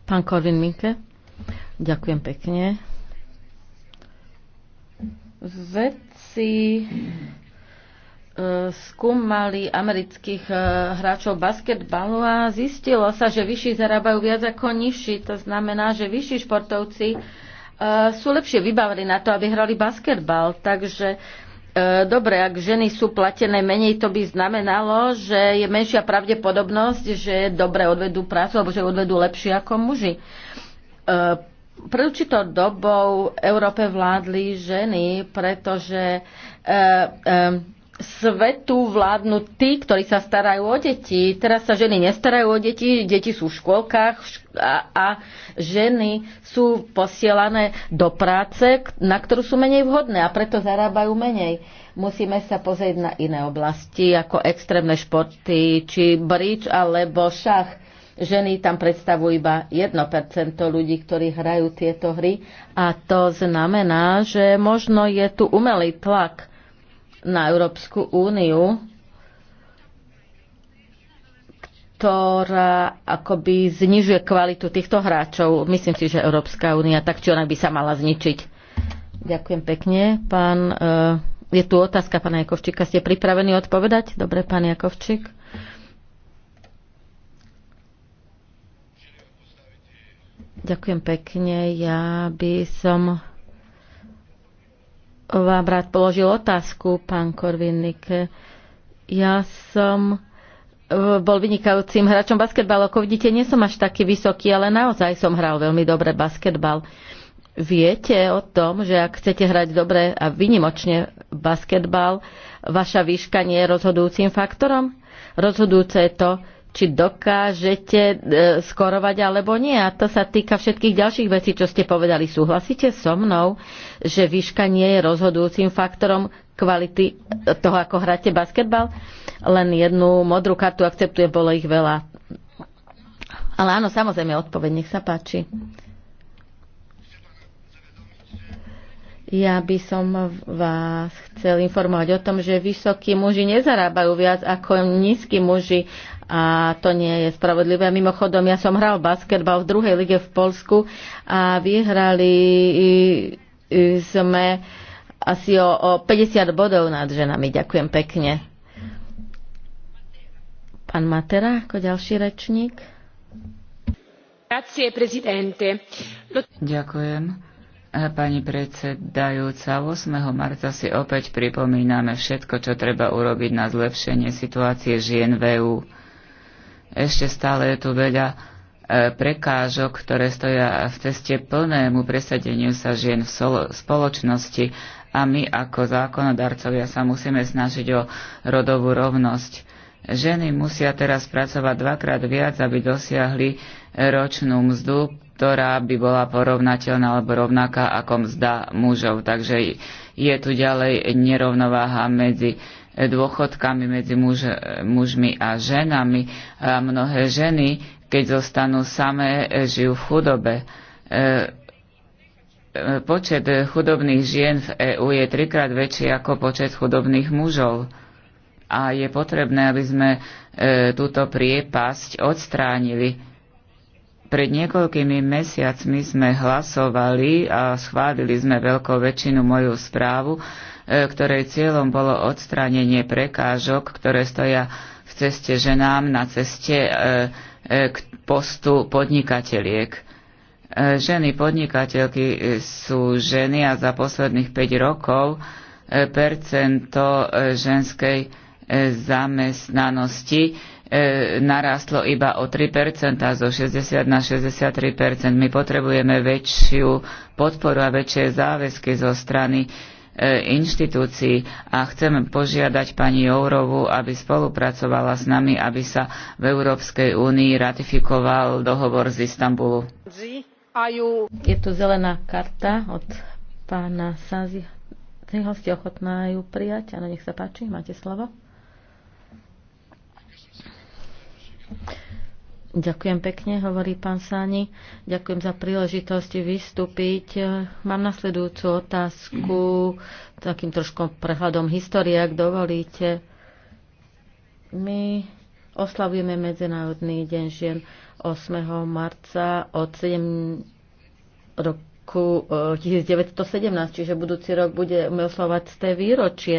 Pán Korvin Minke, ďakujem pekne. Veci skúmali amerických e, hráčov basketbalu a zistilo sa, že vyšší zarábajú viac ako nižší. To znamená, že vyšší športovci e, sú lepšie vybavení na to, aby hrali basketbal. Takže e, dobre, ak ženy sú platené menej, to by znamenalo, že je menšia pravdepodobnosť, že dobre odvedú prácu alebo že odvedú lepšie ako muži. Pre určitou dobou Európe vládli ženy, pretože svetu vládnu tí, ktorí sa starajú o deti. Teraz sa ženy nestarajú o deti, deti sú v škôlkach a, a ženy sú posielané do práce, na ktorú sú menej vhodné a preto zarábajú menej. Musíme sa pozrieť na iné oblasti, ako extrémne športy, či bridge alebo šach. Ženy tam predstavujú iba 1% ľudí, ktorí hrajú tieto hry a to znamená, že možno je tu umelý tlak na Európsku úniu, ktorá akoby znižuje kvalitu týchto hráčov. Myslím si, že Európska únia tak či ona by sa mala zničiť. Ďakujem pekne. Pán, eh, je tu otázka pána Jakovčíka. Ste pripravení odpovedať? Dobre, pán Jakovčík. Ďakujem pekne. Ja by som vám rád položil otázku, pán Korvinnik. Ja som e, bol vynikajúcim hráčom basketbalu. Ako vidíte, nie som až taký vysoký, ale naozaj som hral veľmi dobre basketbal. Viete o tom, že ak chcete hrať dobre a vynimočne basketbal, vaša výška nie je rozhodujúcim faktorom? Rozhodujúce je to, či dokážete e, skorovať alebo nie. A to sa týka všetkých ďalších vecí, čo ste povedali. Súhlasíte so mnou, že výška nie je rozhodujúcim faktorom kvality toho, ako hráte basketbal? Len jednu modrú kartu akceptuje, bolo ich veľa. Ale áno, samozrejme, odpoveď, nech sa páči. Ja by som vás chcel informovať o tom, že vysokí muži nezarábajú viac ako nízki muži a to nie je spravodlivé. Mimochodom, ja som hral basketbal v druhej lige v Polsku a vyhrali sme asi o, o 50 bodov nad ženami. Ďakujem pekne. Pán Matera ako ďalší rečník. Ďakujem. Eh, pani predsedajúca, 8. marca si opäť pripomíname všetko, čo treba urobiť na zlepšenie situácie žien v EU. Ešte stále je tu veľa e, prekážok, ktoré stoja v ceste plnému presadeniu sa žien v spoločnosti a my ako zákonodarcovia sa musíme snažiť o rodovú rovnosť. Ženy musia teraz pracovať dvakrát viac, aby dosiahli ročnú mzdu, ktorá by bola porovnateľná alebo rovnaká ako mzda mužov. Takže je tu ďalej nerovnováha medzi dôchodkami medzi muž, mužmi a ženami. A mnohé ženy, keď zostanú samé, žijú v chudobe. E, e, počet chudobných žien v EÚ je trikrát väčší ako počet chudobných mužov. A je potrebné, aby sme e, túto priepasť odstránili. Pred niekoľkými mesiacmi sme hlasovali a schválili sme veľkou väčšinu moju správu, E, ktorej cieľom bolo odstránenie prekážok, ktoré stoja v ceste ženám na ceste e, e, k postu podnikateliek. Ženy podnikateľky sú ženy a za posledných 5 rokov percento ženskej zamestnanosti narastlo iba o 3% zo 60 na 63%. My potrebujeme väčšiu podporu a väčšie záväzky zo strany E, inštitúcií a chcem požiadať pani Jourovu, aby spolupracovala s nami, aby sa v Európskej únii ratifikoval dohovor z Istanbulu. Je tu zelená karta od pána Sazi. Ho ste ochotná ju prijať? Áno, nech sa páči, máte slovo. Ďakujem pekne, hovorí pán Sáni. Ďakujem za príležitosť vystúpiť. Mám nasledujúcu otázku, takým trošku prehľadom histórie, ak dovolíte. My oslavujeme Medzinárodný deň žien 8. marca od 7 rokov roku 1917, eh, čiže budúci rok budeme oslovať z té výročie.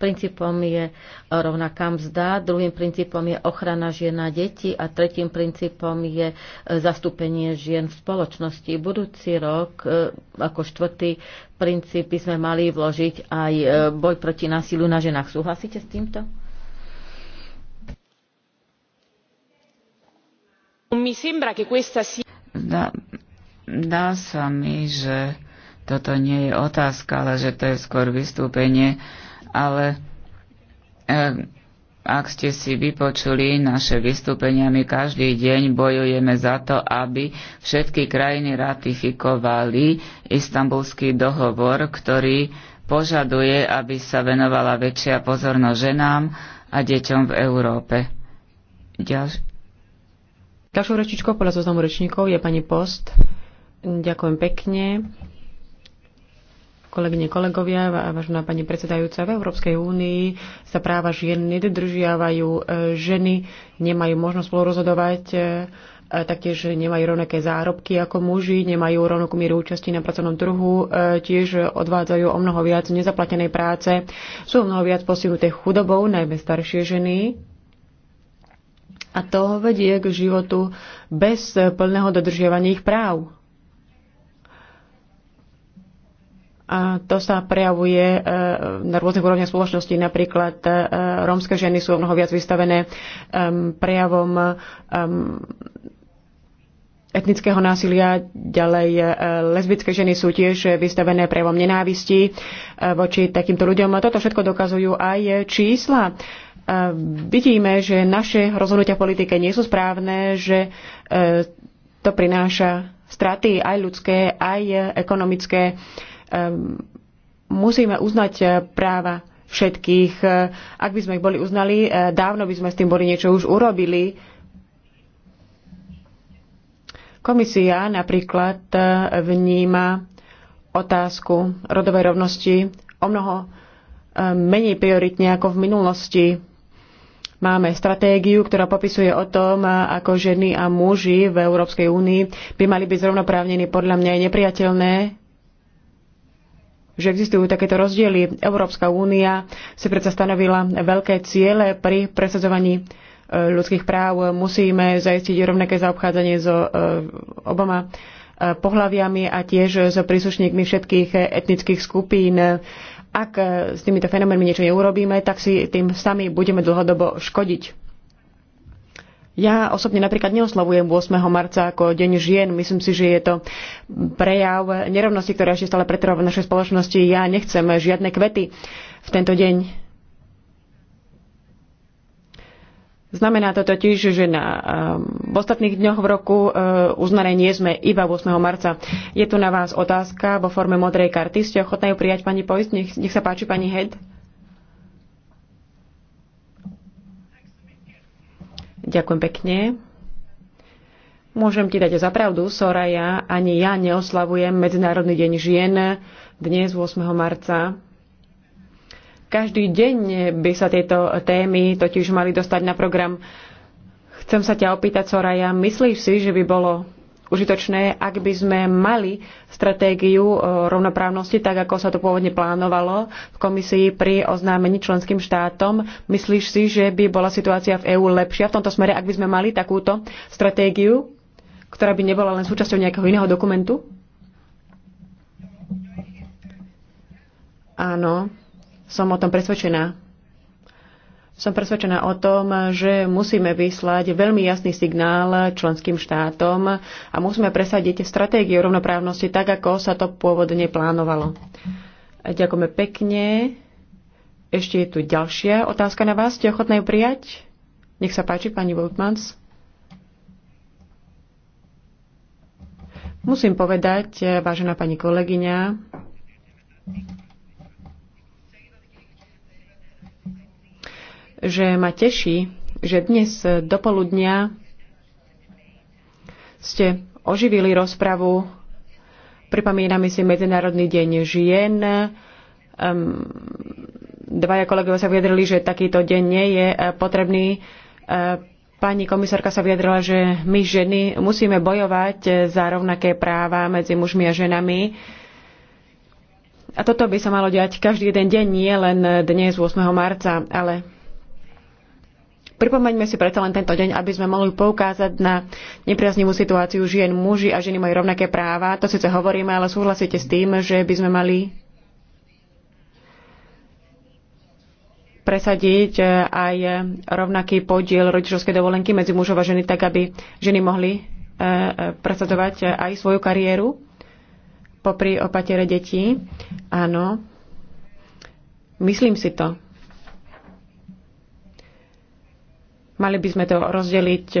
Princípom je eh, rovnaká mzda, druhým princípom je ochrana žien a detí a tretím princípom je eh, zastúpenie žien v spoločnosti. Budúci rok ako štvrtý princíp by sme mali vložiť aj boj proti násilu na ženách. Súhlasíte s týmto? Mi sembra che questa sia... Dá sa mi, že toto nie je otázka, ale že to je skôr vystúpenie, ale e, ak ste si vypočuli naše vystúpenia, my každý deň bojujeme za to, aby všetky krajiny ratifikovali istambulský dohovor, ktorý požaduje, aby sa venovala väčšia pozornosť ženám a deťom v Európe. Ďalš- Ďalšou rečičkou podľa zoznamu rečníkov je pani Post. Ďakujem pekne. Kolegyne, kolegovia, vážená pani predsedajúca, v Európskej únii sa práva žien nedodržiavajú. E, ženy nemajú možnosť spolurozhodovať, e, taktiež nemajú rovnaké zárobky ako muži, nemajú rovnakú mieru účasti na pracovnom trhu, e, tiež odvádzajú o mnoho viac nezaplatenej práce, sú o mnoho viac posunuté chudobou, najmä staršie ženy, a to vedie k životu bez plného dodržiavania ich práv. A to sa prejavuje e, na rôznych úrovniach spoločnosti. Napríklad e, rómske ženy sú mnoho viac vystavené e, prejavom etnického násilia, ďalej lesbické ženy sú tiež vystavené prejavom nenávisti voči takýmto ľuďom. A toto všetko dokazujú aj čísla. Vidíme, že naše rozhodnutia v politike nie sú správne, že to prináša straty aj ľudské, aj ekonomické Ehm, musíme uznať e, práva všetkých. E, ak by sme ich boli uznali, e, dávno by sme s tým boli niečo už urobili. Komisia napríklad vníma otázku rodovej rovnosti o mnoho menej prioritne ako v minulosti. Máme stratégiu, ktorá popisuje o tom, ako ženy a muži v Európskej únii by mali byť zrovnoprávnení. Podľa mňa je nepriateľné, že existujú takéto rozdiely. Európska únia si predsa stanovila veľké ciele pri presadzovaní e, ľudských práv. Musíme zajistiť rovnaké zaobchádzanie so e, oboma e, pohľaviami a tiež so príslušníkmi všetkých etnických skupín. Ak s týmito fenoménmi niečo neurobíme, tak si tým sami budeme dlhodobo škodiť. Ja osobne napríklad neoslavujem 8. marca ako Deň žien. Myslím si, že je to prejav nerovnosti, ktorá ešte stále pretrváva v našej spoločnosti. Ja nechcem žiadne kvety v tento deň. Znamená to totiž, že na, um, v ostatných dňoch v roku uh, uznané nie sme iba 8. marca. Je tu na vás otázka vo forme modrej karty. Ste ochotná ju prijať, pani Poist? Nech, nech sa páči, pani Head. Ďakujem pekne. Môžem ti dať za pravdu, Soraya, ani ja neoslavujem Medzinárodný deň žien dnes 8. marca. Každý deň by sa tieto témy totiž mali dostať na program. Chcem sa ťa opýtať, Soraya, myslíš si, že by bolo užitočné, ak by sme mali stratégiu e, rovnoprávnosti, tak ako sa to pôvodne plánovalo v komisii pri oznámení členským štátom. Myslíš si, že by bola situácia v EÚ lepšia v tomto smere, ak by sme mali takúto stratégiu, ktorá by nebola len súčasťou nejakého iného dokumentu? Áno, som o tom presvedčená. Som presvedčená o tom, že musíme vyslať veľmi jasný signál členským štátom a musíme presadiť stratégiu rovnoprávnosti tak, ako sa to pôvodne plánovalo. Ďakujeme pekne. Ešte je tu ďalšia otázka na vás. Ste ochotná ju prijať? Nech sa páči, pani Voltmans. Musím povedať, vážená pani kolegyňa, že ma teší, že dnes e, do poludnia ste oživili rozpravu. Pripomíname si Medzinárodný deň žien. Um, dvaja kolegovia sa vyjadrili, že takýto deň nie je e, potrebný. E, pani komisárka sa vyjadrila, že my ženy musíme bojovať za rovnaké práva medzi mužmi a ženami. A toto by sa malo diať každý jeden deň, nie len dnes 8. marca, ale Pripomeňme si preto len tento deň, aby sme mohli poukázať na nepriaznivú situáciu žien. Muži a ženy majú rovnaké práva. To síce hovoríme, ale súhlasíte s tým, že by sme mali presadiť e, aj rovnaký podiel rodičovskej dovolenky medzi mužov a ženy, tak aby ženy mohli e, e, presadovať aj svoju kariéru popri opatere detí. Áno, myslím si to. Mali by sme to rozdeliť e,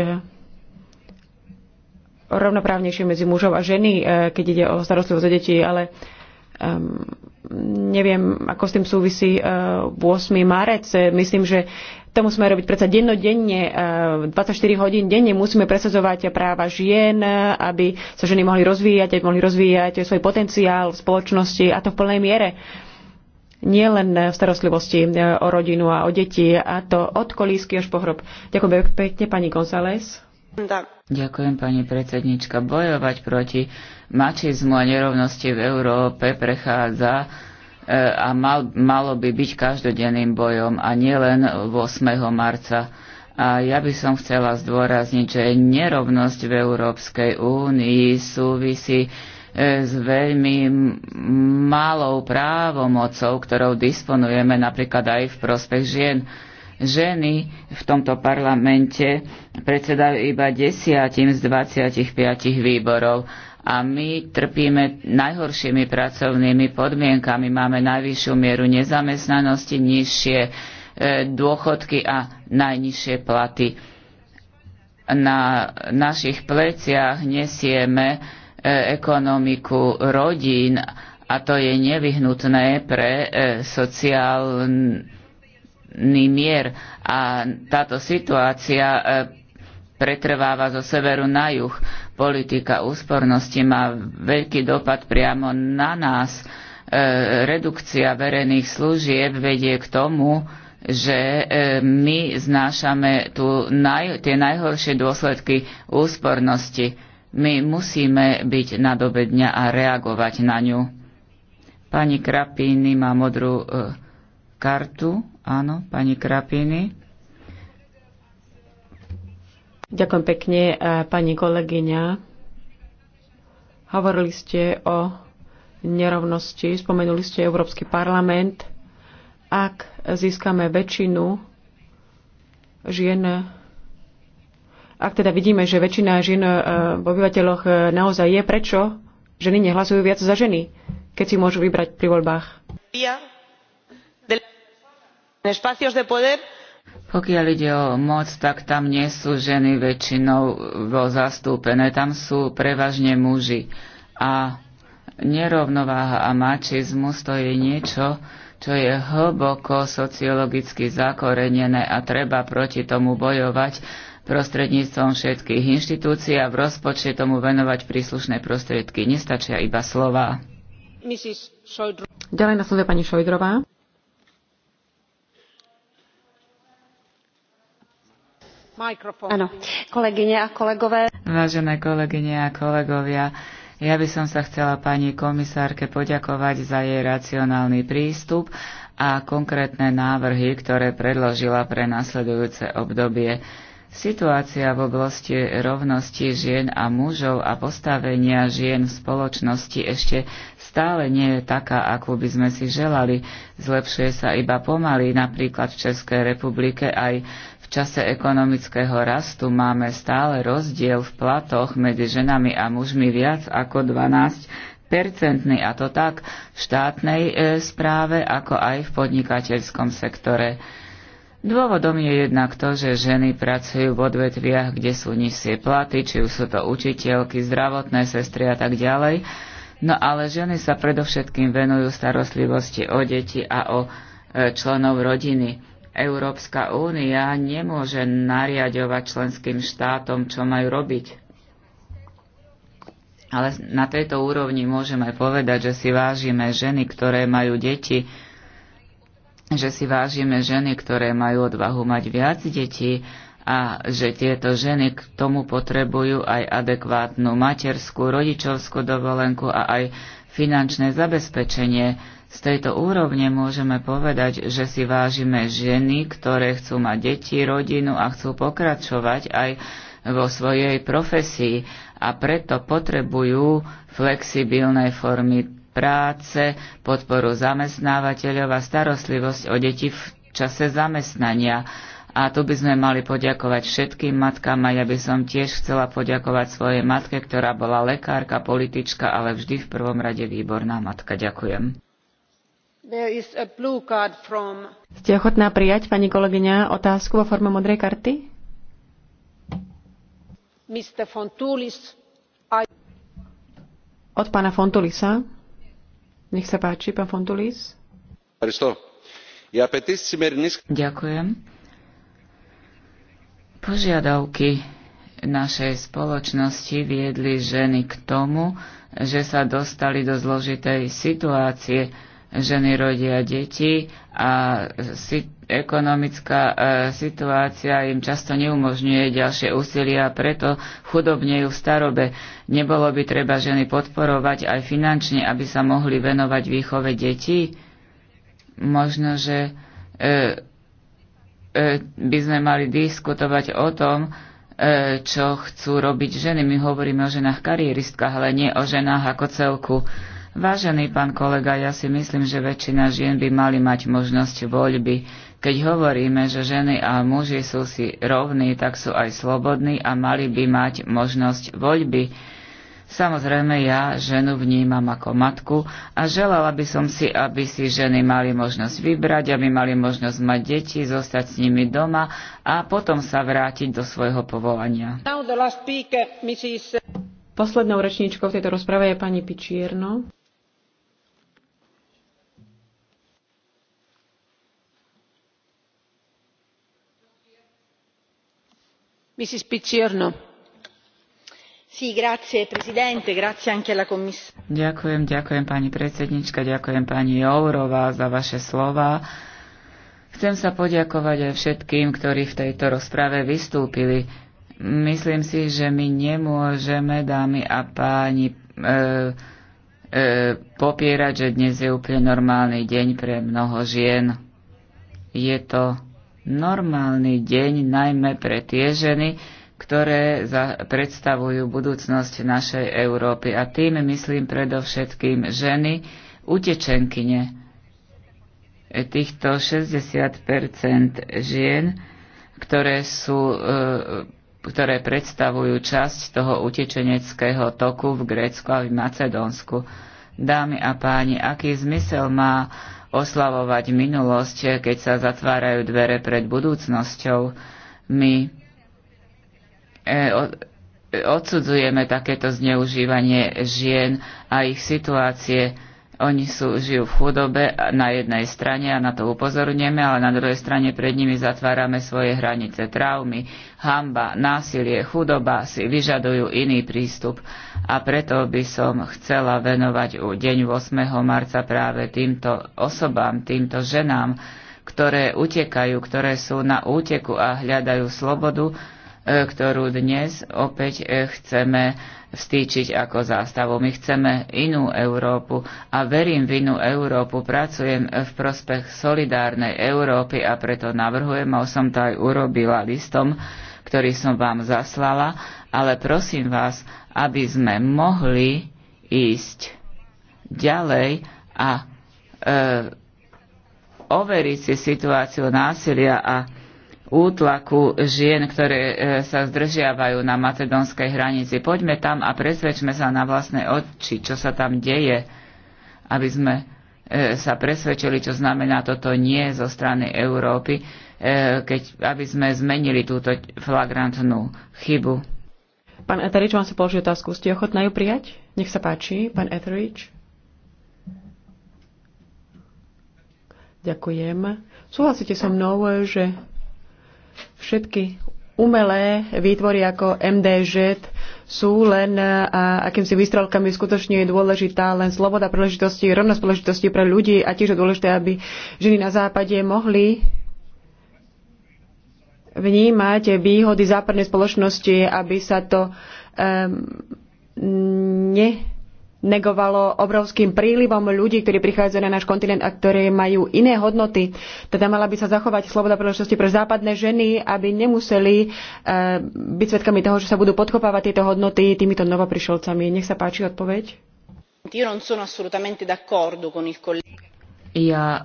rovnoprávnejšie medzi mužov a ženy, e, keď ide o starostlivosť o deti, ale um, neviem, ako s tým súvisí uh, e, 8. marec. Myslím, že to musíme robiť predsa dennodenne, uh, 24 hodín denne musíme presadzovať práva žien, aby sa ženy mohli rozvíjať, aby mohli rozvíjať svoj potenciál v spoločnosti a to v plnej miere. Uh, nielen v starostlivosti e, o rodinu a o deti, a to od kolísky až po hrob. Ďakujem pekne, pani González. Ďakujem, pani predsednička. Bojovať proti mačizmu a nerovnosti v Európe prechádza e, a mal, malo by byť každodenným bojom a nielen 8. marca. A ja by som chcela zdôrazniť, že nerovnosť v Európskej únii súvisí s veľmi malou právomocou, ktorou disponujeme napríklad aj v prospech žien. Ženy v tomto parlamente predsedajú iba desiatim z 25 výborov a my trpíme najhoršími pracovnými podmienkami. Máme najvyššiu mieru nezamestnanosti, nižšie e, dôchodky a najnižšie platy. Na našich pleciach nesieme E, ekonomiku rodín a to je nevyhnutné pre e, sociálny mier. A táto situácia e, pretrváva zo severu na juh. Politika úspornosti má veľký dopad priamo na nás. Redukcia verejných služieb vedie k tomu, že my znášame tu naj, tie najhoršie dôsledky úspornosti. My musíme byť na dobe dňa a reagovať na ňu. Pani Krapíny má modrú e, kartu. Áno, pani Krapíny. Ďakujem pekne, e, pani kolegyňa. Hovorili ste o nerovnosti, spomenuli ste Európsky parlament. Ak získame väčšinu žien ak teda vidíme, že väčšina žien e, v obyvateľoch e, naozaj je, prečo ženy nehlasujú viac za ženy, keď si môžu vybrať pri voľbách? Pokiaľ ide o moc, tak tam nie sú ženy väčšinou vo zastúpené, tam sú prevažne muži. A nerovnováha a mačizmus to je niečo, čo je hlboko sociologicky zakorenené a treba proti tomu bojovať prostredníctvom všetkých inštitúcií a v rozpočte tomu venovať príslušné prostriedky. Nestačia iba slova. Ďalej slove pani Šojdrová. Áno, kolegyne a kolegové. Vážené kolegyne a kolegovia, ja by som sa chcela pani komisárke poďakovať za jej racionálny prístup a konkrétne návrhy, ktoré predložila pre nasledujúce obdobie. Situácia v oblasti rovnosti žien a mužov a postavenia žien v spoločnosti ešte stále nie je taká, akú by sme si želali. Zlepšuje sa iba pomaly, napríklad v Českej republike aj v čase ekonomického rastu máme stále rozdiel v platoch medzi ženami a mužmi viac ako 12 percentný a to tak v štátnej e, správe ako aj v podnikateľskom sektore. Dôvodom je jednak to, že ženy pracujú v odvetviach, kde sú nižšie platy, či už sú to učiteľky, zdravotné sestry a tak ďalej. No ale ženy sa predovšetkým venujú starostlivosti o deti a o e, členov rodiny. Európska únia nemôže nariadovať členským štátom, čo majú robiť. Ale na tejto úrovni môžeme povedať, že si vážime ženy, ktoré majú deti, že si vážime ženy, ktoré majú odvahu mať viac detí a že tieto ženy k tomu potrebujú aj adekvátnu materskú, rodičovskú dovolenku a aj finančné zabezpečenie. Z tejto úrovne môžeme povedať, že si vážime ženy, ktoré chcú mať deti, rodinu a chcú pokračovať aj vo svojej profesii a preto potrebujú flexibilné formy práce, podporu zamestnávateľov a starostlivosť o deti v čase zamestnania. A tu by sme mali poďakovať všetkým matkám a ja by som tiež chcela poďakovať svojej matke, ktorá bola lekárka, politička, ale vždy v prvom rade výborná matka. Ďakujem. From... Ste ochotná prijať, pani kolegyňa, otázku vo forme modrej karty? Mr. Fontulis, I... Od pána Fontulisa. Nech sa páči, pán Fontulis. Ďakujem. Požiadavky našej spoločnosti viedli ženy k tomu, že sa dostali do zložitej situácie. Ženy rodia deti a si Ekonomická e, situácia im často neumožňuje ďalšie úsilie a preto chudobnejú v starobe. Nebolo by treba ženy podporovať aj finančne, aby sa mohli venovať výchove detí? Možno, že e, e, by sme mali diskutovať o tom, čo chcú robiť ženy. My hovoríme o ženách kariéristkách, ale nie o ženách ako celku. Vážený pán kolega, ja si myslím, že väčšina žien by mali mať možnosť voľby. Keď hovoríme, že ženy a muži sú si rovní, tak sú aj slobodní a mali by mať možnosť voľby. Samozrejme, ja ženu vnímam ako matku a želala by som si, aby si ženy mali možnosť vybrať, aby mali možnosť mať deti, zostať s nimi doma a potom sa vrátiť do svojho povolania. Poslednou rečníčkou v tejto rozprave je pani Pičierno. signora presidente onorevoli colleghi ďakujem ďakujem pani predsedníčka ďakujem pani jourová za vaše slová. chcem sa poďakovať aj všetkým ktorí v tejto rozprave vystúpili. myslím si že my nemôžeme dámy a páni e, e, popierať že dnes je úplne normálny deň pre mnoho žien. je to normálny deň najmä pre tie ženy, ktoré za, predstavujú budúcnosť našej Európy. A tým myslím predovšetkým ženy, utečenkyne. E, týchto 60 žien, ktoré, sú, e, ktoré predstavujú časť toho utečeneckého toku v Grécku a v Macedónsku. Dámy a páni, aký zmysel má oslavovať minulosť, keď sa zatvárajú dvere pred budúcnosťou. My e, e, odsudzujeme takéto zneužívanie žien a ich situácie oni sú, žijú v chudobe na jednej strane a na to upozorňujeme, ale na druhej strane pred nimi zatvárame svoje hranice. Traumy, hamba, násilie, chudoba si vyžadujú iný prístup. A preto by som chcela venovať u deň 8. marca práve týmto osobám, týmto ženám, ktoré utekajú, ktoré sú na úteku a hľadajú slobodu, e, ktorú dnes opäť e, chceme stýčiť ako zástavu. My chceme inú Európu a verím v inú Európu, pracujem v prospech solidárnej Európy a preto navrhujem, a som to aj urobila listom, ktorý som vám zaslala, ale prosím vás, aby sme mohli ísť ďalej a e, overiť si situáciu násilia a útlaku žien, ktoré e, sa zdržiavajú na macedónskej hranici. Poďme tam a presvedčme sa na vlastné oči, čo sa tam deje, aby sme e, sa presvedčili, čo znamená toto nie zo strany Európy, e, keď, aby sme zmenili túto flagrantnú chybu. Pán Eterič, vám sa položí otázku. Ste ochotná ju prijať? Nech sa páči, pán Eterič. Ďakujem. Súhlasíte so mnou, že Všetky umelé výtvory ako MDŽ sú len a, akýmsi výstrelkami skutočne je dôležitá len sloboda príležitosti, rovnosť príležitosti pre ľudí a tiež je dôležité, aby ženy na západe mohli vnímať výhody západnej spoločnosti, aby sa to um, ne negovalo obrovským prílivom ľudí, ktorí prichádzajú na náš kontinent a ktorí majú iné hodnoty. Teda mala by sa zachovať sloboda príležitosti pre západné ženy, aby nemuseli e, byť svedkami toho, že sa budú podkopávať tieto hodnoty týmito novoprišelcami. Nech sa páči odpoveď. Ja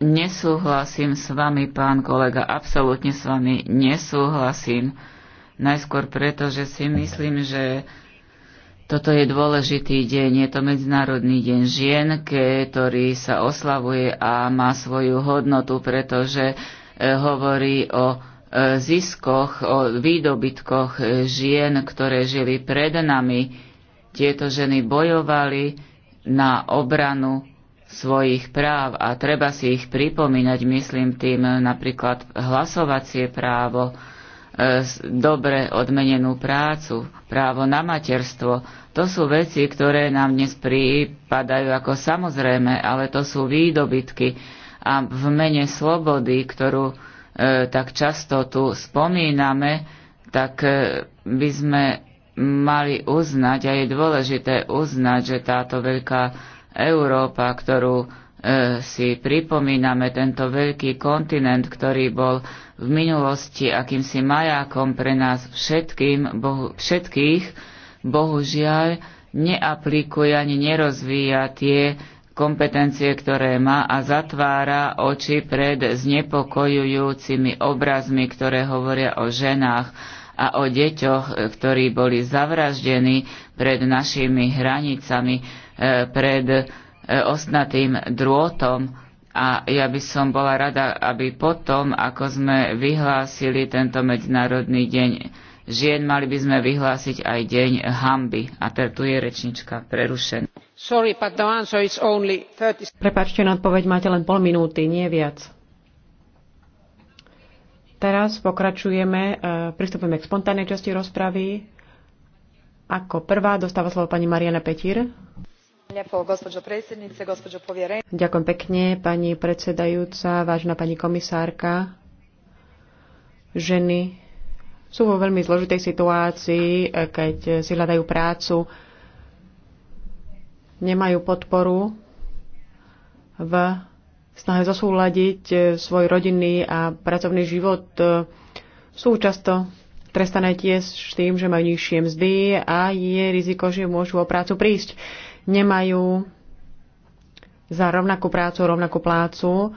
nesúhlasím s vami, pán kolega, absolútne s vami nesúhlasím. Najskôr preto, že si myslím, že toto je dôležitý deň, je to Medzinárodný deň žien, ktorý sa oslavuje a má svoju hodnotu, pretože e, hovorí o e, ziskoch, o výdobytkoch e, žien, ktoré žili pred nami. Tieto ženy bojovali na obranu svojich práv a treba si ich pripomínať, myslím tým napríklad hlasovacie právo, E, dobre odmenenú prácu, právo na materstvo. To sú veci, ktoré nám dnes prípadajú ako samozrejme, ale to sú výdobytky a v mene slobody, ktorú e, tak často tu spomíname, tak e, by sme mali uznať a je dôležité uznať, že táto veľká Európa, ktorú e, si pripomíname, tento veľký kontinent, ktorý bol v minulosti akýmsi majákom pre nás všetkým, bohu, všetkých, bohužiaľ neaplikuje ani nerozvíja tie kompetencie, ktoré má a zatvára oči pred znepokojujúcimi obrazmi, ktoré hovoria o ženách a o deťoch, ktorí boli zavraždení pred našimi hranicami, eh, pred eh, ostnatým drôtom a ja by som bola rada, aby potom, ako sme vyhlásili tento Medzinárodný deň žien, mali by sme vyhlásiť aj deň hamby. A teda tu je rečnička prerušená. Sorry, but the answer is only 30... Prepačte, na odpoveď máte len pol minúty, nie viac. Teraz pokračujeme, e, pristupujeme k spontánnej časti rozpravy. Ako prvá dostáva slovo pani Mariana Petír. Ďakujem pekne, pani predsedajúca, vážna pani komisárka. Ženy sú vo veľmi zložitej situácii, keď si hľadajú prácu, nemajú podporu v snahe zosúľadiť svoj rodinný a pracovný život. Sú často trestané tiež s tým, že majú nižšie mzdy a je riziko, že môžu o prácu prísť nemajú za rovnakú prácu, rovnakú plácu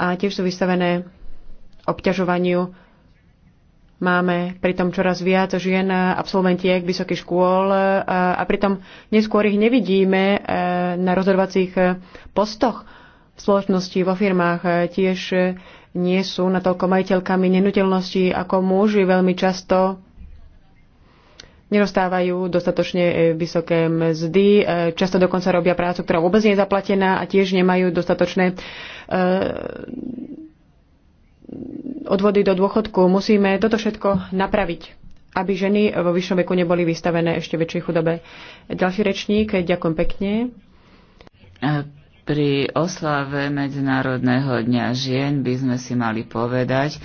a tiež sú vystavené obťažovaniu. Máme pritom čoraz viac žien absolventiek vysokých škôl e, a pritom neskôr ich nevidíme e, na rozhodovacích e, postoch v spoločnosti, vo firmách. Tiež nie sú natoľko majiteľkami nenutelnosti ako muži veľmi často nedostávajú dostatočne e, vysoké mzdy, e, často dokonca robia prácu, ktorá vôbec nie je zaplatená a tiež nemajú dostatočné e, odvody do dôchodku. Musíme toto všetko napraviť, aby ženy vo vyššom veku neboli vystavené ešte väčšej chudobe. Ďalší rečník, ďakujem pekne. Pri oslave Medzinárodného dňa žien by sme si mali povedať,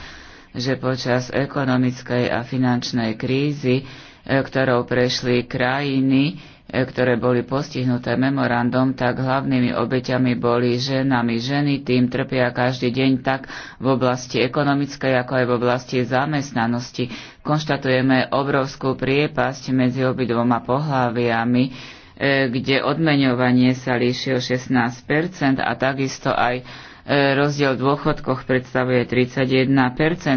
že počas ekonomickej a finančnej krízy E, ktorou prešli krajiny, e, ktoré boli postihnuté memorandum, tak hlavnými obeťami boli ženami. Ženy tým trpia každý deň tak v oblasti ekonomickej, ako aj v oblasti zamestnanosti. Konštatujeme obrovskú priepasť medzi obidvoma pohláviami, e, kde odmeňovanie sa líši o 16 a takisto aj rozdiel v dôchodkoch predstavuje 31%.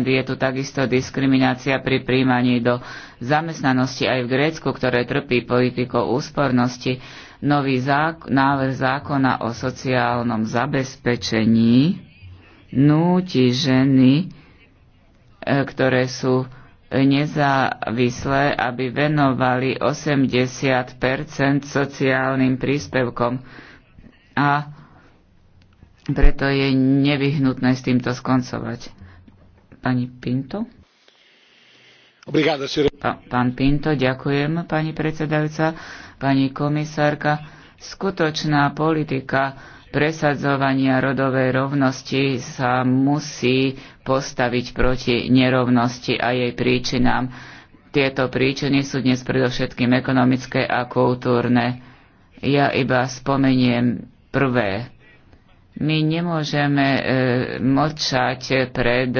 Je tu takisto diskriminácia pri príjmaní do zamestnanosti aj v Grécku, ktoré trpí politikou úspornosti. Nový zák- návrh zákona o sociálnom zabezpečení núti ženy, e, ktoré sú nezávislé, aby venovali 80 sociálnym príspevkom a preto je nevyhnutné s týmto skoncovať. Pani Pinto? Pa, pán Pinto, ďakujem, pani predsedajúca, pani komisárka. Skutočná politika presadzovania rodovej rovnosti sa musí postaviť proti nerovnosti a jej príčinám. Tieto príčiny sú dnes predovšetkým ekonomické a kultúrne. Ja iba spomeniem prvé my nemôžeme e, močať pred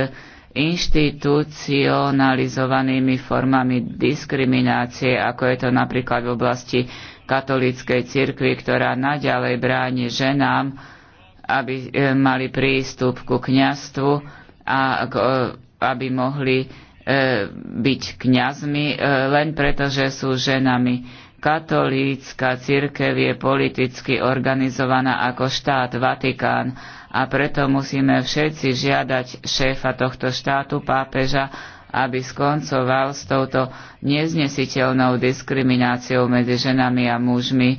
inštitucionalizovanými formami diskriminácie, ako je to napríklad v oblasti katolíckej cirkvi, ktorá naďalej bráni ženám, aby e, mali prístup ku kniastvu a k, e, aby mohli e, byť kňazmi e, len preto, že sú ženami Katolícka církev je politicky organizovaná ako štát Vatikán a preto musíme všetci žiadať šéfa tohto štátu pápeža, aby skoncoval s touto neznesiteľnou diskrimináciou medzi ženami a mužmi. E,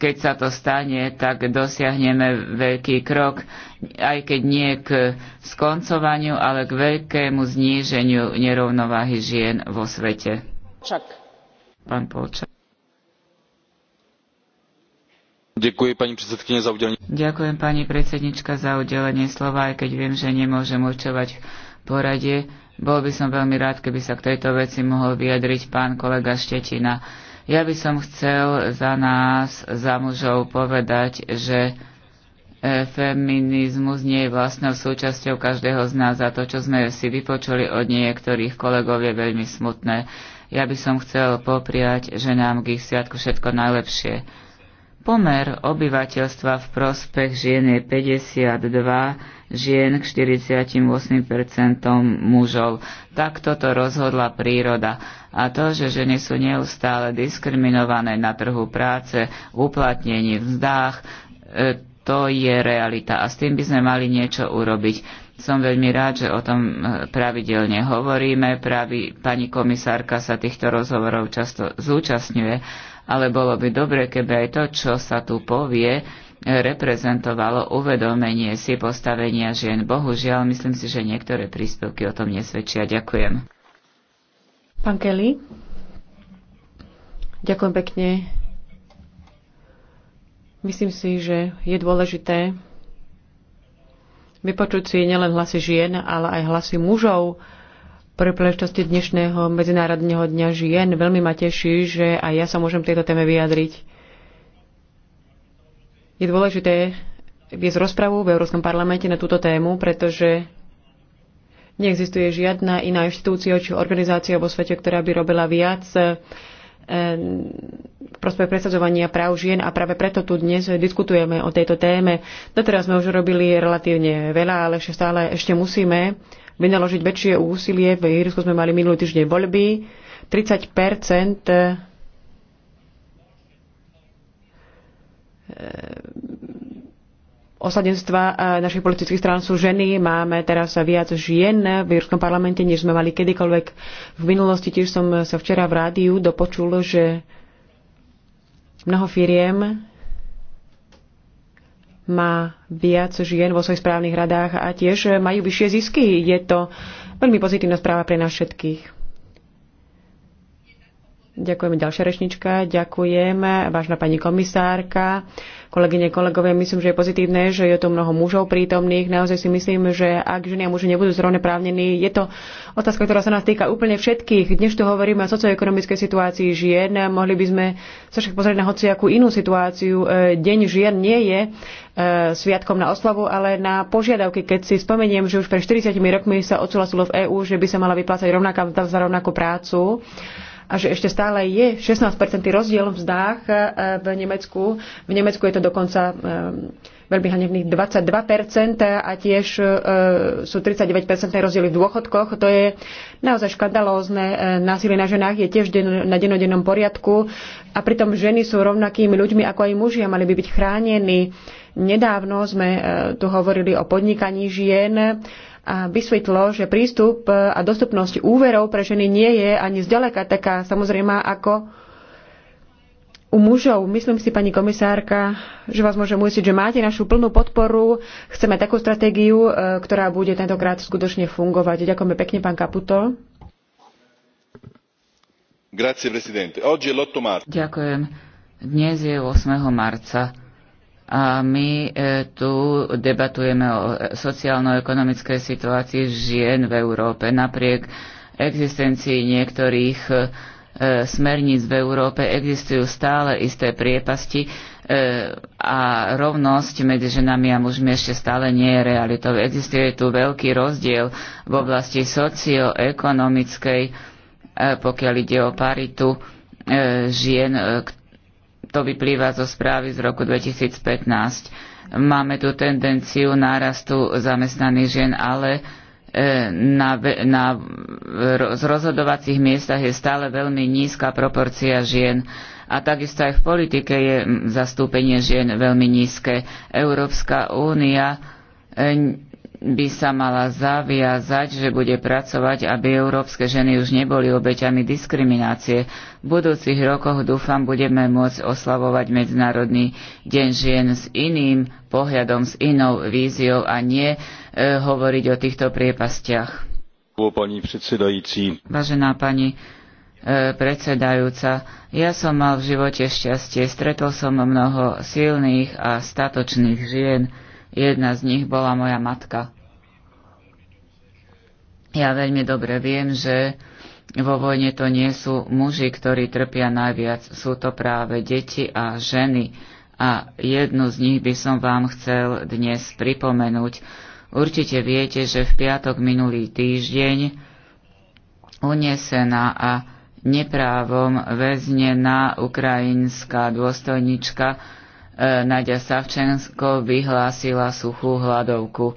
keď sa to stane, tak dosiahneme veľký krok, aj keď nie k skoncovaniu, ale k veľkému zníženiu nerovnováhy žien vo svete. Čak. Ďakujem pani za udelenie. Ďakujem pani predsednička za udelenie slova, aj keď viem, že nemôžem určovať poradie. Bol by som veľmi rád, keby sa k tejto veci mohol vyjadriť pán kolega Štetina. Ja by som chcel za nás, za mužov povedať, že e, feminizmus nie je vlastnou súčasťou každého z nás a to, čo sme si vypočuli od niektorých kolegov, je veľmi smutné. Ja by som chcel popriať ženám k ich sviatku všetko najlepšie. Pomer obyvateľstva v prospech žien je 52 žien k 48% mužov. tak toto rozhodla príroda. A to, že ženy sú neustále diskriminované na trhu práce, uplatnení v zdách, e, to je realita a s tým by sme mali niečo urobiť som veľmi rád, že o tom e, pravidelne hovoríme. Pravi, pani komisárka sa týchto rozhovorov často zúčastňuje, ale bolo by dobre, keby aj to, čo sa tu povie, e, reprezentovalo uvedomenie si postavenia žien. Bohužiaľ, myslím si, že niektoré príspevky o tom nesvedčia. Ďakujem. Pán Kelly, ďakujem pekne. Myslím si, že je dôležité vypočuť si nielen hlasy žien, ale aj hlasy mužov. pre príležitosti dnešného Medzinárodného dňa žien veľmi ma teší, že aj ja sa môžem tejto téme vyjadriť. Je dôležité viesť rozpravu v Európskom parlamente na túto tému, pretože neexistuje žiadna iná inštitúcia či organizácia vo svete, ktorá by robila viac v prospech presadzovania práv žien a práve preto tu dnes diskutujeme o tejto téme. Doteraz sme už robili relatívne veľa, ale ešte stále ešte musíme vynaložiť väčšie úsilie. V Írsku sme mali minulý týždeň voľby. 30 osadenstva eh, našich politických strán sú ženy. Máme teraz viac žien v Európskom parlamente, než sme mali kedykoľvek v minulosti. Tiež som sa včera v rádiu dopočul, že mnoho firiem má viac žien vo svojich správnych radách a tiež majú vyššie zisky. Je to veľmi pozitívna správa pre nás všetkých. Ďakujem ďalšia rečnička. Ďakujem, vážna pani komisárka, kolegyne, kolegovia. Myslím, že je pozitívne, že je tu mnoho mužov prítomných. Naozaj si myslím, že ak ženy a muži nebudú zrovneprávnení, je to otázka, ktorá sa nás týka úplne všetkých. Dnes tu hovoríme o socioekonomickej situácii žien. Mohli by sme sa však pozrieť na hociakú inú situáciu. E, Deň žien nie je e, sviatkom na oslavu, ale na požiadavky, keď si spomeniem, že už pred 40 rokmi sa odsúhlasilo v EÚ, že by sa mala vyplácať rovnaká za rovnakú prácu a že ešte stále je 16% rozdiel v zdách e, v Nemecku. V Nemecku je to dokonca e, veľmi hanebných 22% a tiež e, sú 39% rozdiely v dôchodkoch. To je naozaj škandalózne. Násilie na ženách je tiež na denodennom poriadku a pritom ženy sú rovnakými ľuďmi ako aj muži a mali by byť chránení. Nedávno sme tu hovorili o podnikaní žien a vysvetlo, že prístup e, a dostupnosť úverov pre ženy nie je ani zďaleka taká samozrejme ako u mužov. Myslím si, pani komisárka, že vás môžem ujistiť, že máte našu plnú podporu. Chceme takú stratégiu, e, ktorá bude tentokrát skutočne fungovať. Ďakujeme pekne, pán Kaputo. Grazie, Ďakujem. Dnes je 8. marca a my e, tu debatujeme o sociálno-ekonomickej situácii žien v Európe. Napriek existencii niektorých e, smerníc v Európe existujú stále isté priepasti e, a rovnosť medzi ženami a mužmi ešte stále nie je realitou. Existuje tu veľký rozdiel v oblasti socioekonomickej, pokiaľ ide o paritu žien, to vyplýva zo správy z roku 2015. Máme tu tendenciu nárastu zamestnaných žien, ale e, na, na, z rozhodovacích miestach je stále veľmi nízka proporcia žien a takisto aj v politike je zastúpenie žien veľmi nízke. Európska únia e, by sa mala zaviazať, že bude pracovať, aby európske ženy už neboli obeťami diskriminácie. V budúcich rokoch, dúfam, budeme môcť oslavovať Medzinárodný deň žien s iným pohľadom, s inou víziou a nie e, hovoriť o týchto priepastiach. Pani Vážená pani e, predsedajúca, ja som mal v živote šťastie, stretol som mnoho silných a statočných žien. Jedna z nich bola moja matka. Ja veľmi dobre viem, že vo vojne to nie sú muži, ktorí trpia najviac, sú to práve deti a ženy. A jednu z nich by som vám chcel dnes pripomenúť. Určite viete, že v piatok minulý týždeň unesená a neprávom väznená ukrajinská dôstojnička eh, Nadia Savčensko vyhlásila suchú hladovku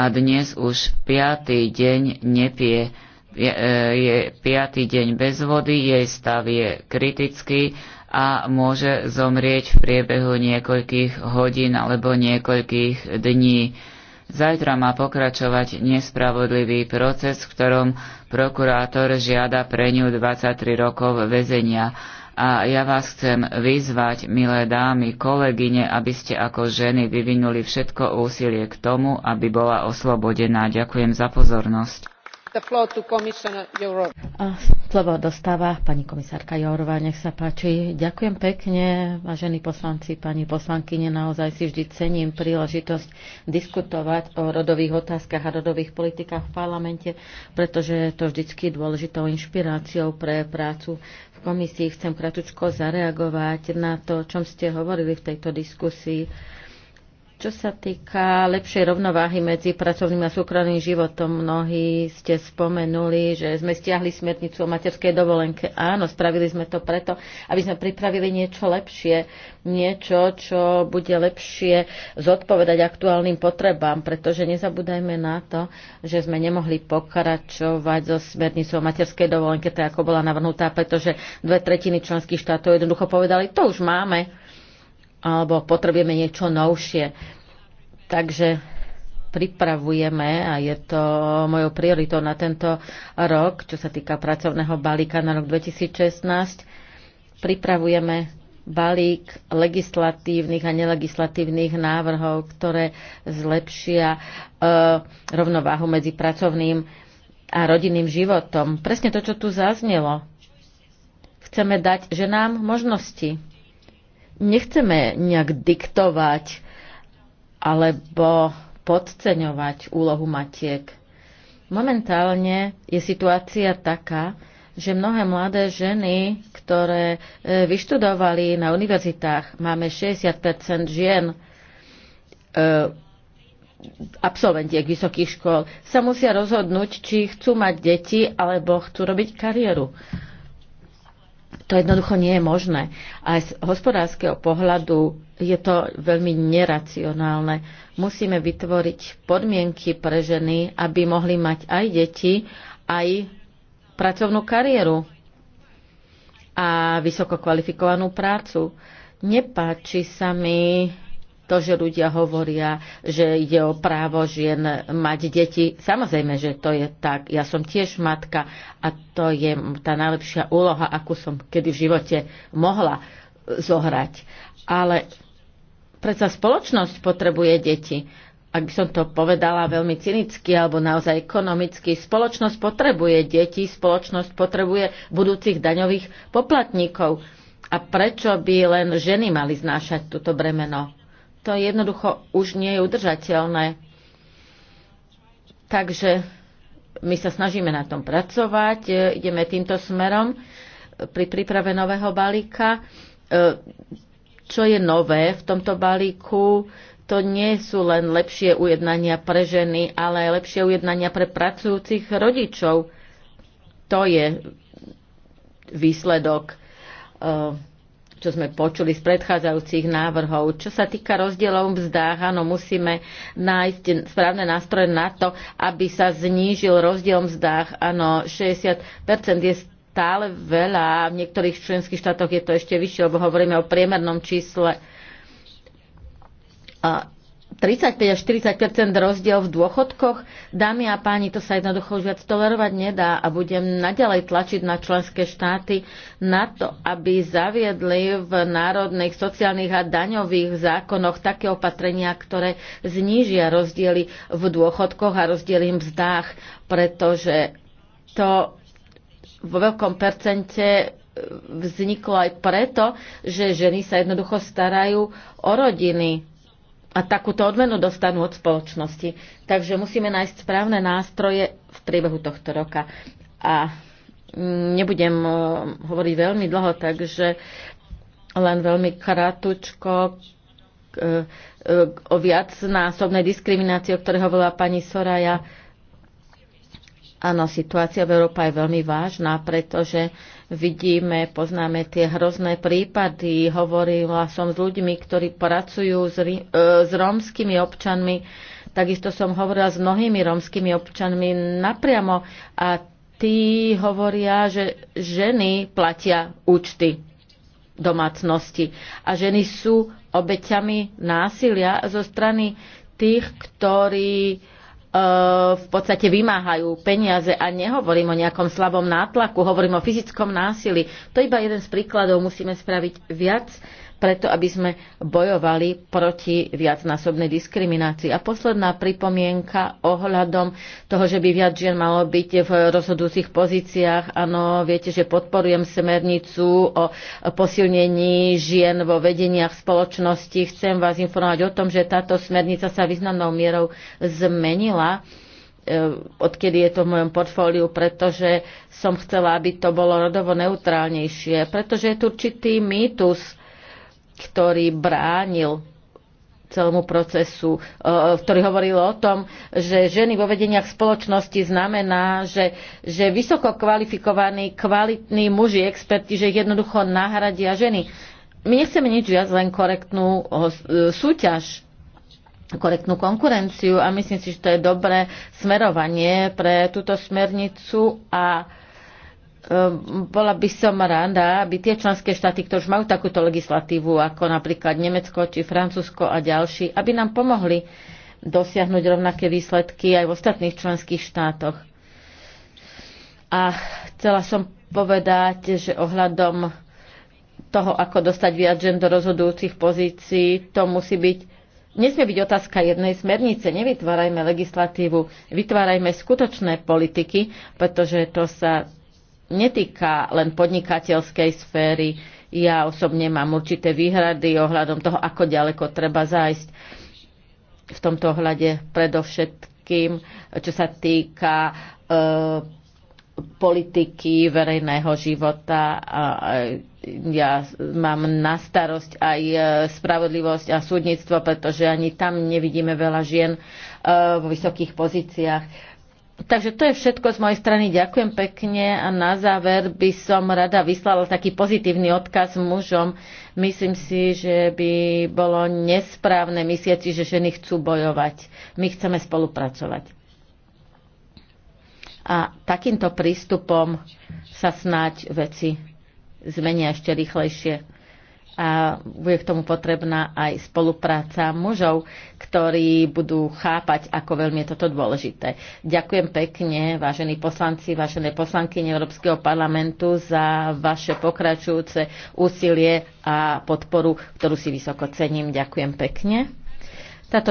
a dnes už piatý deň nepie. E, je piatý deň bez vody, jej stav je kritický a môže zomrieť v priebehu niekoľkých hodín alebo niekoľkých dní. Zajtra má pokračovať nespravodlivý proces, v ktorom prokurátor žiada pre ňu 23 rokov väzenia. A ja vás chcem vyzvať, milé dámy, kolegyne, aby ste ako ženy vyvinuli všetko úsilie k tomu, aby bola oslobodená. Ďakujem za pozornosť. Slovo dostáva pani komisárka Jourová, nech sa páči. Ďakujem pekne, vážení poslanci, pani poslankyne, naozaj si vždy cením príležitosť diskutovať o rodových otázkach a rodových politikách v parlamente, pretože je to vždycky dôležitou inšpiráciou pre prácu komisii chcem kratučko zareagovať na to, o čom ste hovorili v tejto diskusii. Čo sa týka lepšej rovnováhy medzi pracovným a súkromným životom, mnohí ste spomenuli, že sme stiahli smernicu o materskej dovolenke. Áno, spravili sme to preto, aby sme pripravili niečo lepšie, niečo, čo bude lepšie zodpovedať aktuálnym potrebám, pretože nezabúdajme na to, že sme nemohli pokračovať so smernicou o materskej dovolenke, tak ako bola navrhnutá, pretože dve tretiny členských štátov jednoducho povedali, to už máme, alebo potrebujeme niečo novšie. Takže pripravujeme a je to mojou prioritou na tento rok, čo sa týka pracovného balíka na rok 2016. Pripravujeme balík legislatívnych a nelegislatívnych návrhov, ktoré zlepšia e, rovnováhu medzi pracovným a rodinným životom. Presne to, čo tu zaznelo. Chceme dať ženám možnosti nechceme nejak diktovať alebo podceňovať úlohu matiek. Momentálne je situácia taká, že mnohé mladé ženy, ktoré e, vyštudovali na univerzitách, máme 60 žien, e, absolventiek vysokých škôl, sa musia rozhodnúť, či chcú mať deti alebo chcú robiť kariéru. To jednoducho nie je možné. A z hospodárskeho pohľadu je to veľmi neracionálne. Musíme vytvoriť podmienky pre ženy, aby mohli mať aj deti, aj pracovnú kariéru a vysoko kvalifikovanú prácu. Nepáči sa mi to, že ľudia hovoria, že ide o právo žien mať deti. Samozrejme, že to je tak. Ja som tiež matka a to je tá najlepšia úloha, akú som kedy v živote mohla zohrať. Ale predsa spoločnosť potrebuje deti. Ak by som to povedala veľmi cynicky alebo naozaj ekonomicky, spoločnosť potrebuje deti, spoločnosť potrebuje budúcich daňových poplatníkov. A prečo by len ženy mali znášať túto bremeno? to jednoducho už nie je udržateľné. Takže my sa snažíme na tom pracovať, e, ideme týmto smerom e, pri príprave nového balíka. E, čo je nové v tomto balíku? To nie sú len lepšie ujednania pre ženy, ale aj lepšie ujednania pre pracujúcich rodičov. To je výsledok čo sme počuli z predchádzajúcich návrhov. Čo sa týka rozdielov mzdách, áno, musíme nájsť správne nástroje na to, aby sa znížil rozdiel mzdách. Áno, 60% je stále veľa a v niektorých členských štátoch je to ešte vyššie, lebo hovoríme o priemernom čísle. A 35 až 40 rozdiel v dôchodkoch. Dámy a páni, to sa jednoducho už viac tolerovať nedá a budem naďalej tlačiť na členské štáty na to, aby zaviedli v národných sociálnych a daňových zákonoch také opatrenia, ktoré znížia rozdiely v dôchodkoch a rozdiely v mzdách, pretože to vo veľkom percente vzniklo aj preto, že ženy sa jednoducho starajú o rodiny a takúto odmenu dostanú od spoločnosti. Takže musíme nájsť správne nástroje v priebehu tohto roka. A mm, nebudem eh, hovoriť veľmi dlho, takže len veľmi kratučko eh, eh, o viacnásobnej diskriminácii, o ktorej hovorila pani Soraya. Áno, situácia v Európe je veľmi vážna, pretože vidíme, poznáme tie hrozné prípady. Hovorila som s ľuďmi, ktorí pracujú s, e, s rómskymi občanmi. Takisto som hovorila s mnohými rómskymi občanmi napriamo a tí hovoria, že ženy platia účty domácnosti a ženy sú obeťami násilia zo strany tých, ktorí Eh, v podstate vymáhajú peniaze a nehovorím o nejakom slabom nátlaku, hovorím o fyzickom násili. To je iba jeden z príkladov, musíme spraviť viac preto aby sme bojovali proti viacnásobnej diskriminácii. A posledná pripomienka ohľadom toho, že by viac žien malo byť v rozhodujúcich pozíciách. Áno, viete, že podporujem smernicu o posilnení žien vo vedeniach spoločnosti. Chcem vás informovať o tom, že táto smernica sa významnou mierou zmenila e, odkedy je to v mojom portfóliu, pretože som chcela, aby to bolo rodovo neutrálnejšie. Pretože je tu určitý mýtus ktorý bránil celému procesu, e, ktorý hovoril o tom, že ženy vo vedeniach spoločnosti znamená, že, že vysoko kvalifikovaní, kvalitní muži, experti, že ich jednoducho nahradia ženy. My nechceme nič viac, len korektnú e, súťaž, korektnú konkurenciu a myslím si, že to je dobré smerovanie pre túto smernicu a Ehm, bola by som rada, aby tie členské štáty, ktoré už majú takúto legislatívu, ako napríklad Nemecko či Francúzsko a ďalší, aby nám pomohli dosiahnuť rovnaké výsledky aj v ostatných členských štátoch. A chcela som povedať, že ohľadom toho, ako dostať viac žen do rozhodujúcich pozícií, to musí byť Nesmie byť otázka jednej smernice. Nevytvárajme legislatívu, vytvárajme skutočné politiky, pretože to sa netýka len podnikateľskej sféry. Ja osobne mám určité výhrady ohľadom toho, ako ďaleko treba zájsť v tomto ohľade predovšetkým, čo sa týka e, politiky verejného života. A, a e, ja mám na starosť aj e, spravodlivosť a súdnictvo, pretože ani tam nevidíme veľa žien e, v vysokých pozíciách Takže to je všetko z mojej strany. Ďakujem pekne a na záver by som rada vyslala taký pozitívny odkaz mužom. Myslím si, že by bolo nesprávne myslieť si, že ženy chcú bojovať. My chceme spolupracovať. A takýmto prístupom sa snáď veci zmenia ešte rýchlejšie a bude k tomu potrebná aj spolupráca mužov, ktorí budú chápať, ako veľmi je toto dôležité. Ďakujem pekne, vážení poslanci, vážené poslanky Európskeho parlamentu, za vaše pokračujúce úsilie a podporu, ktorú si vysoko cením. Ďakujem pekne.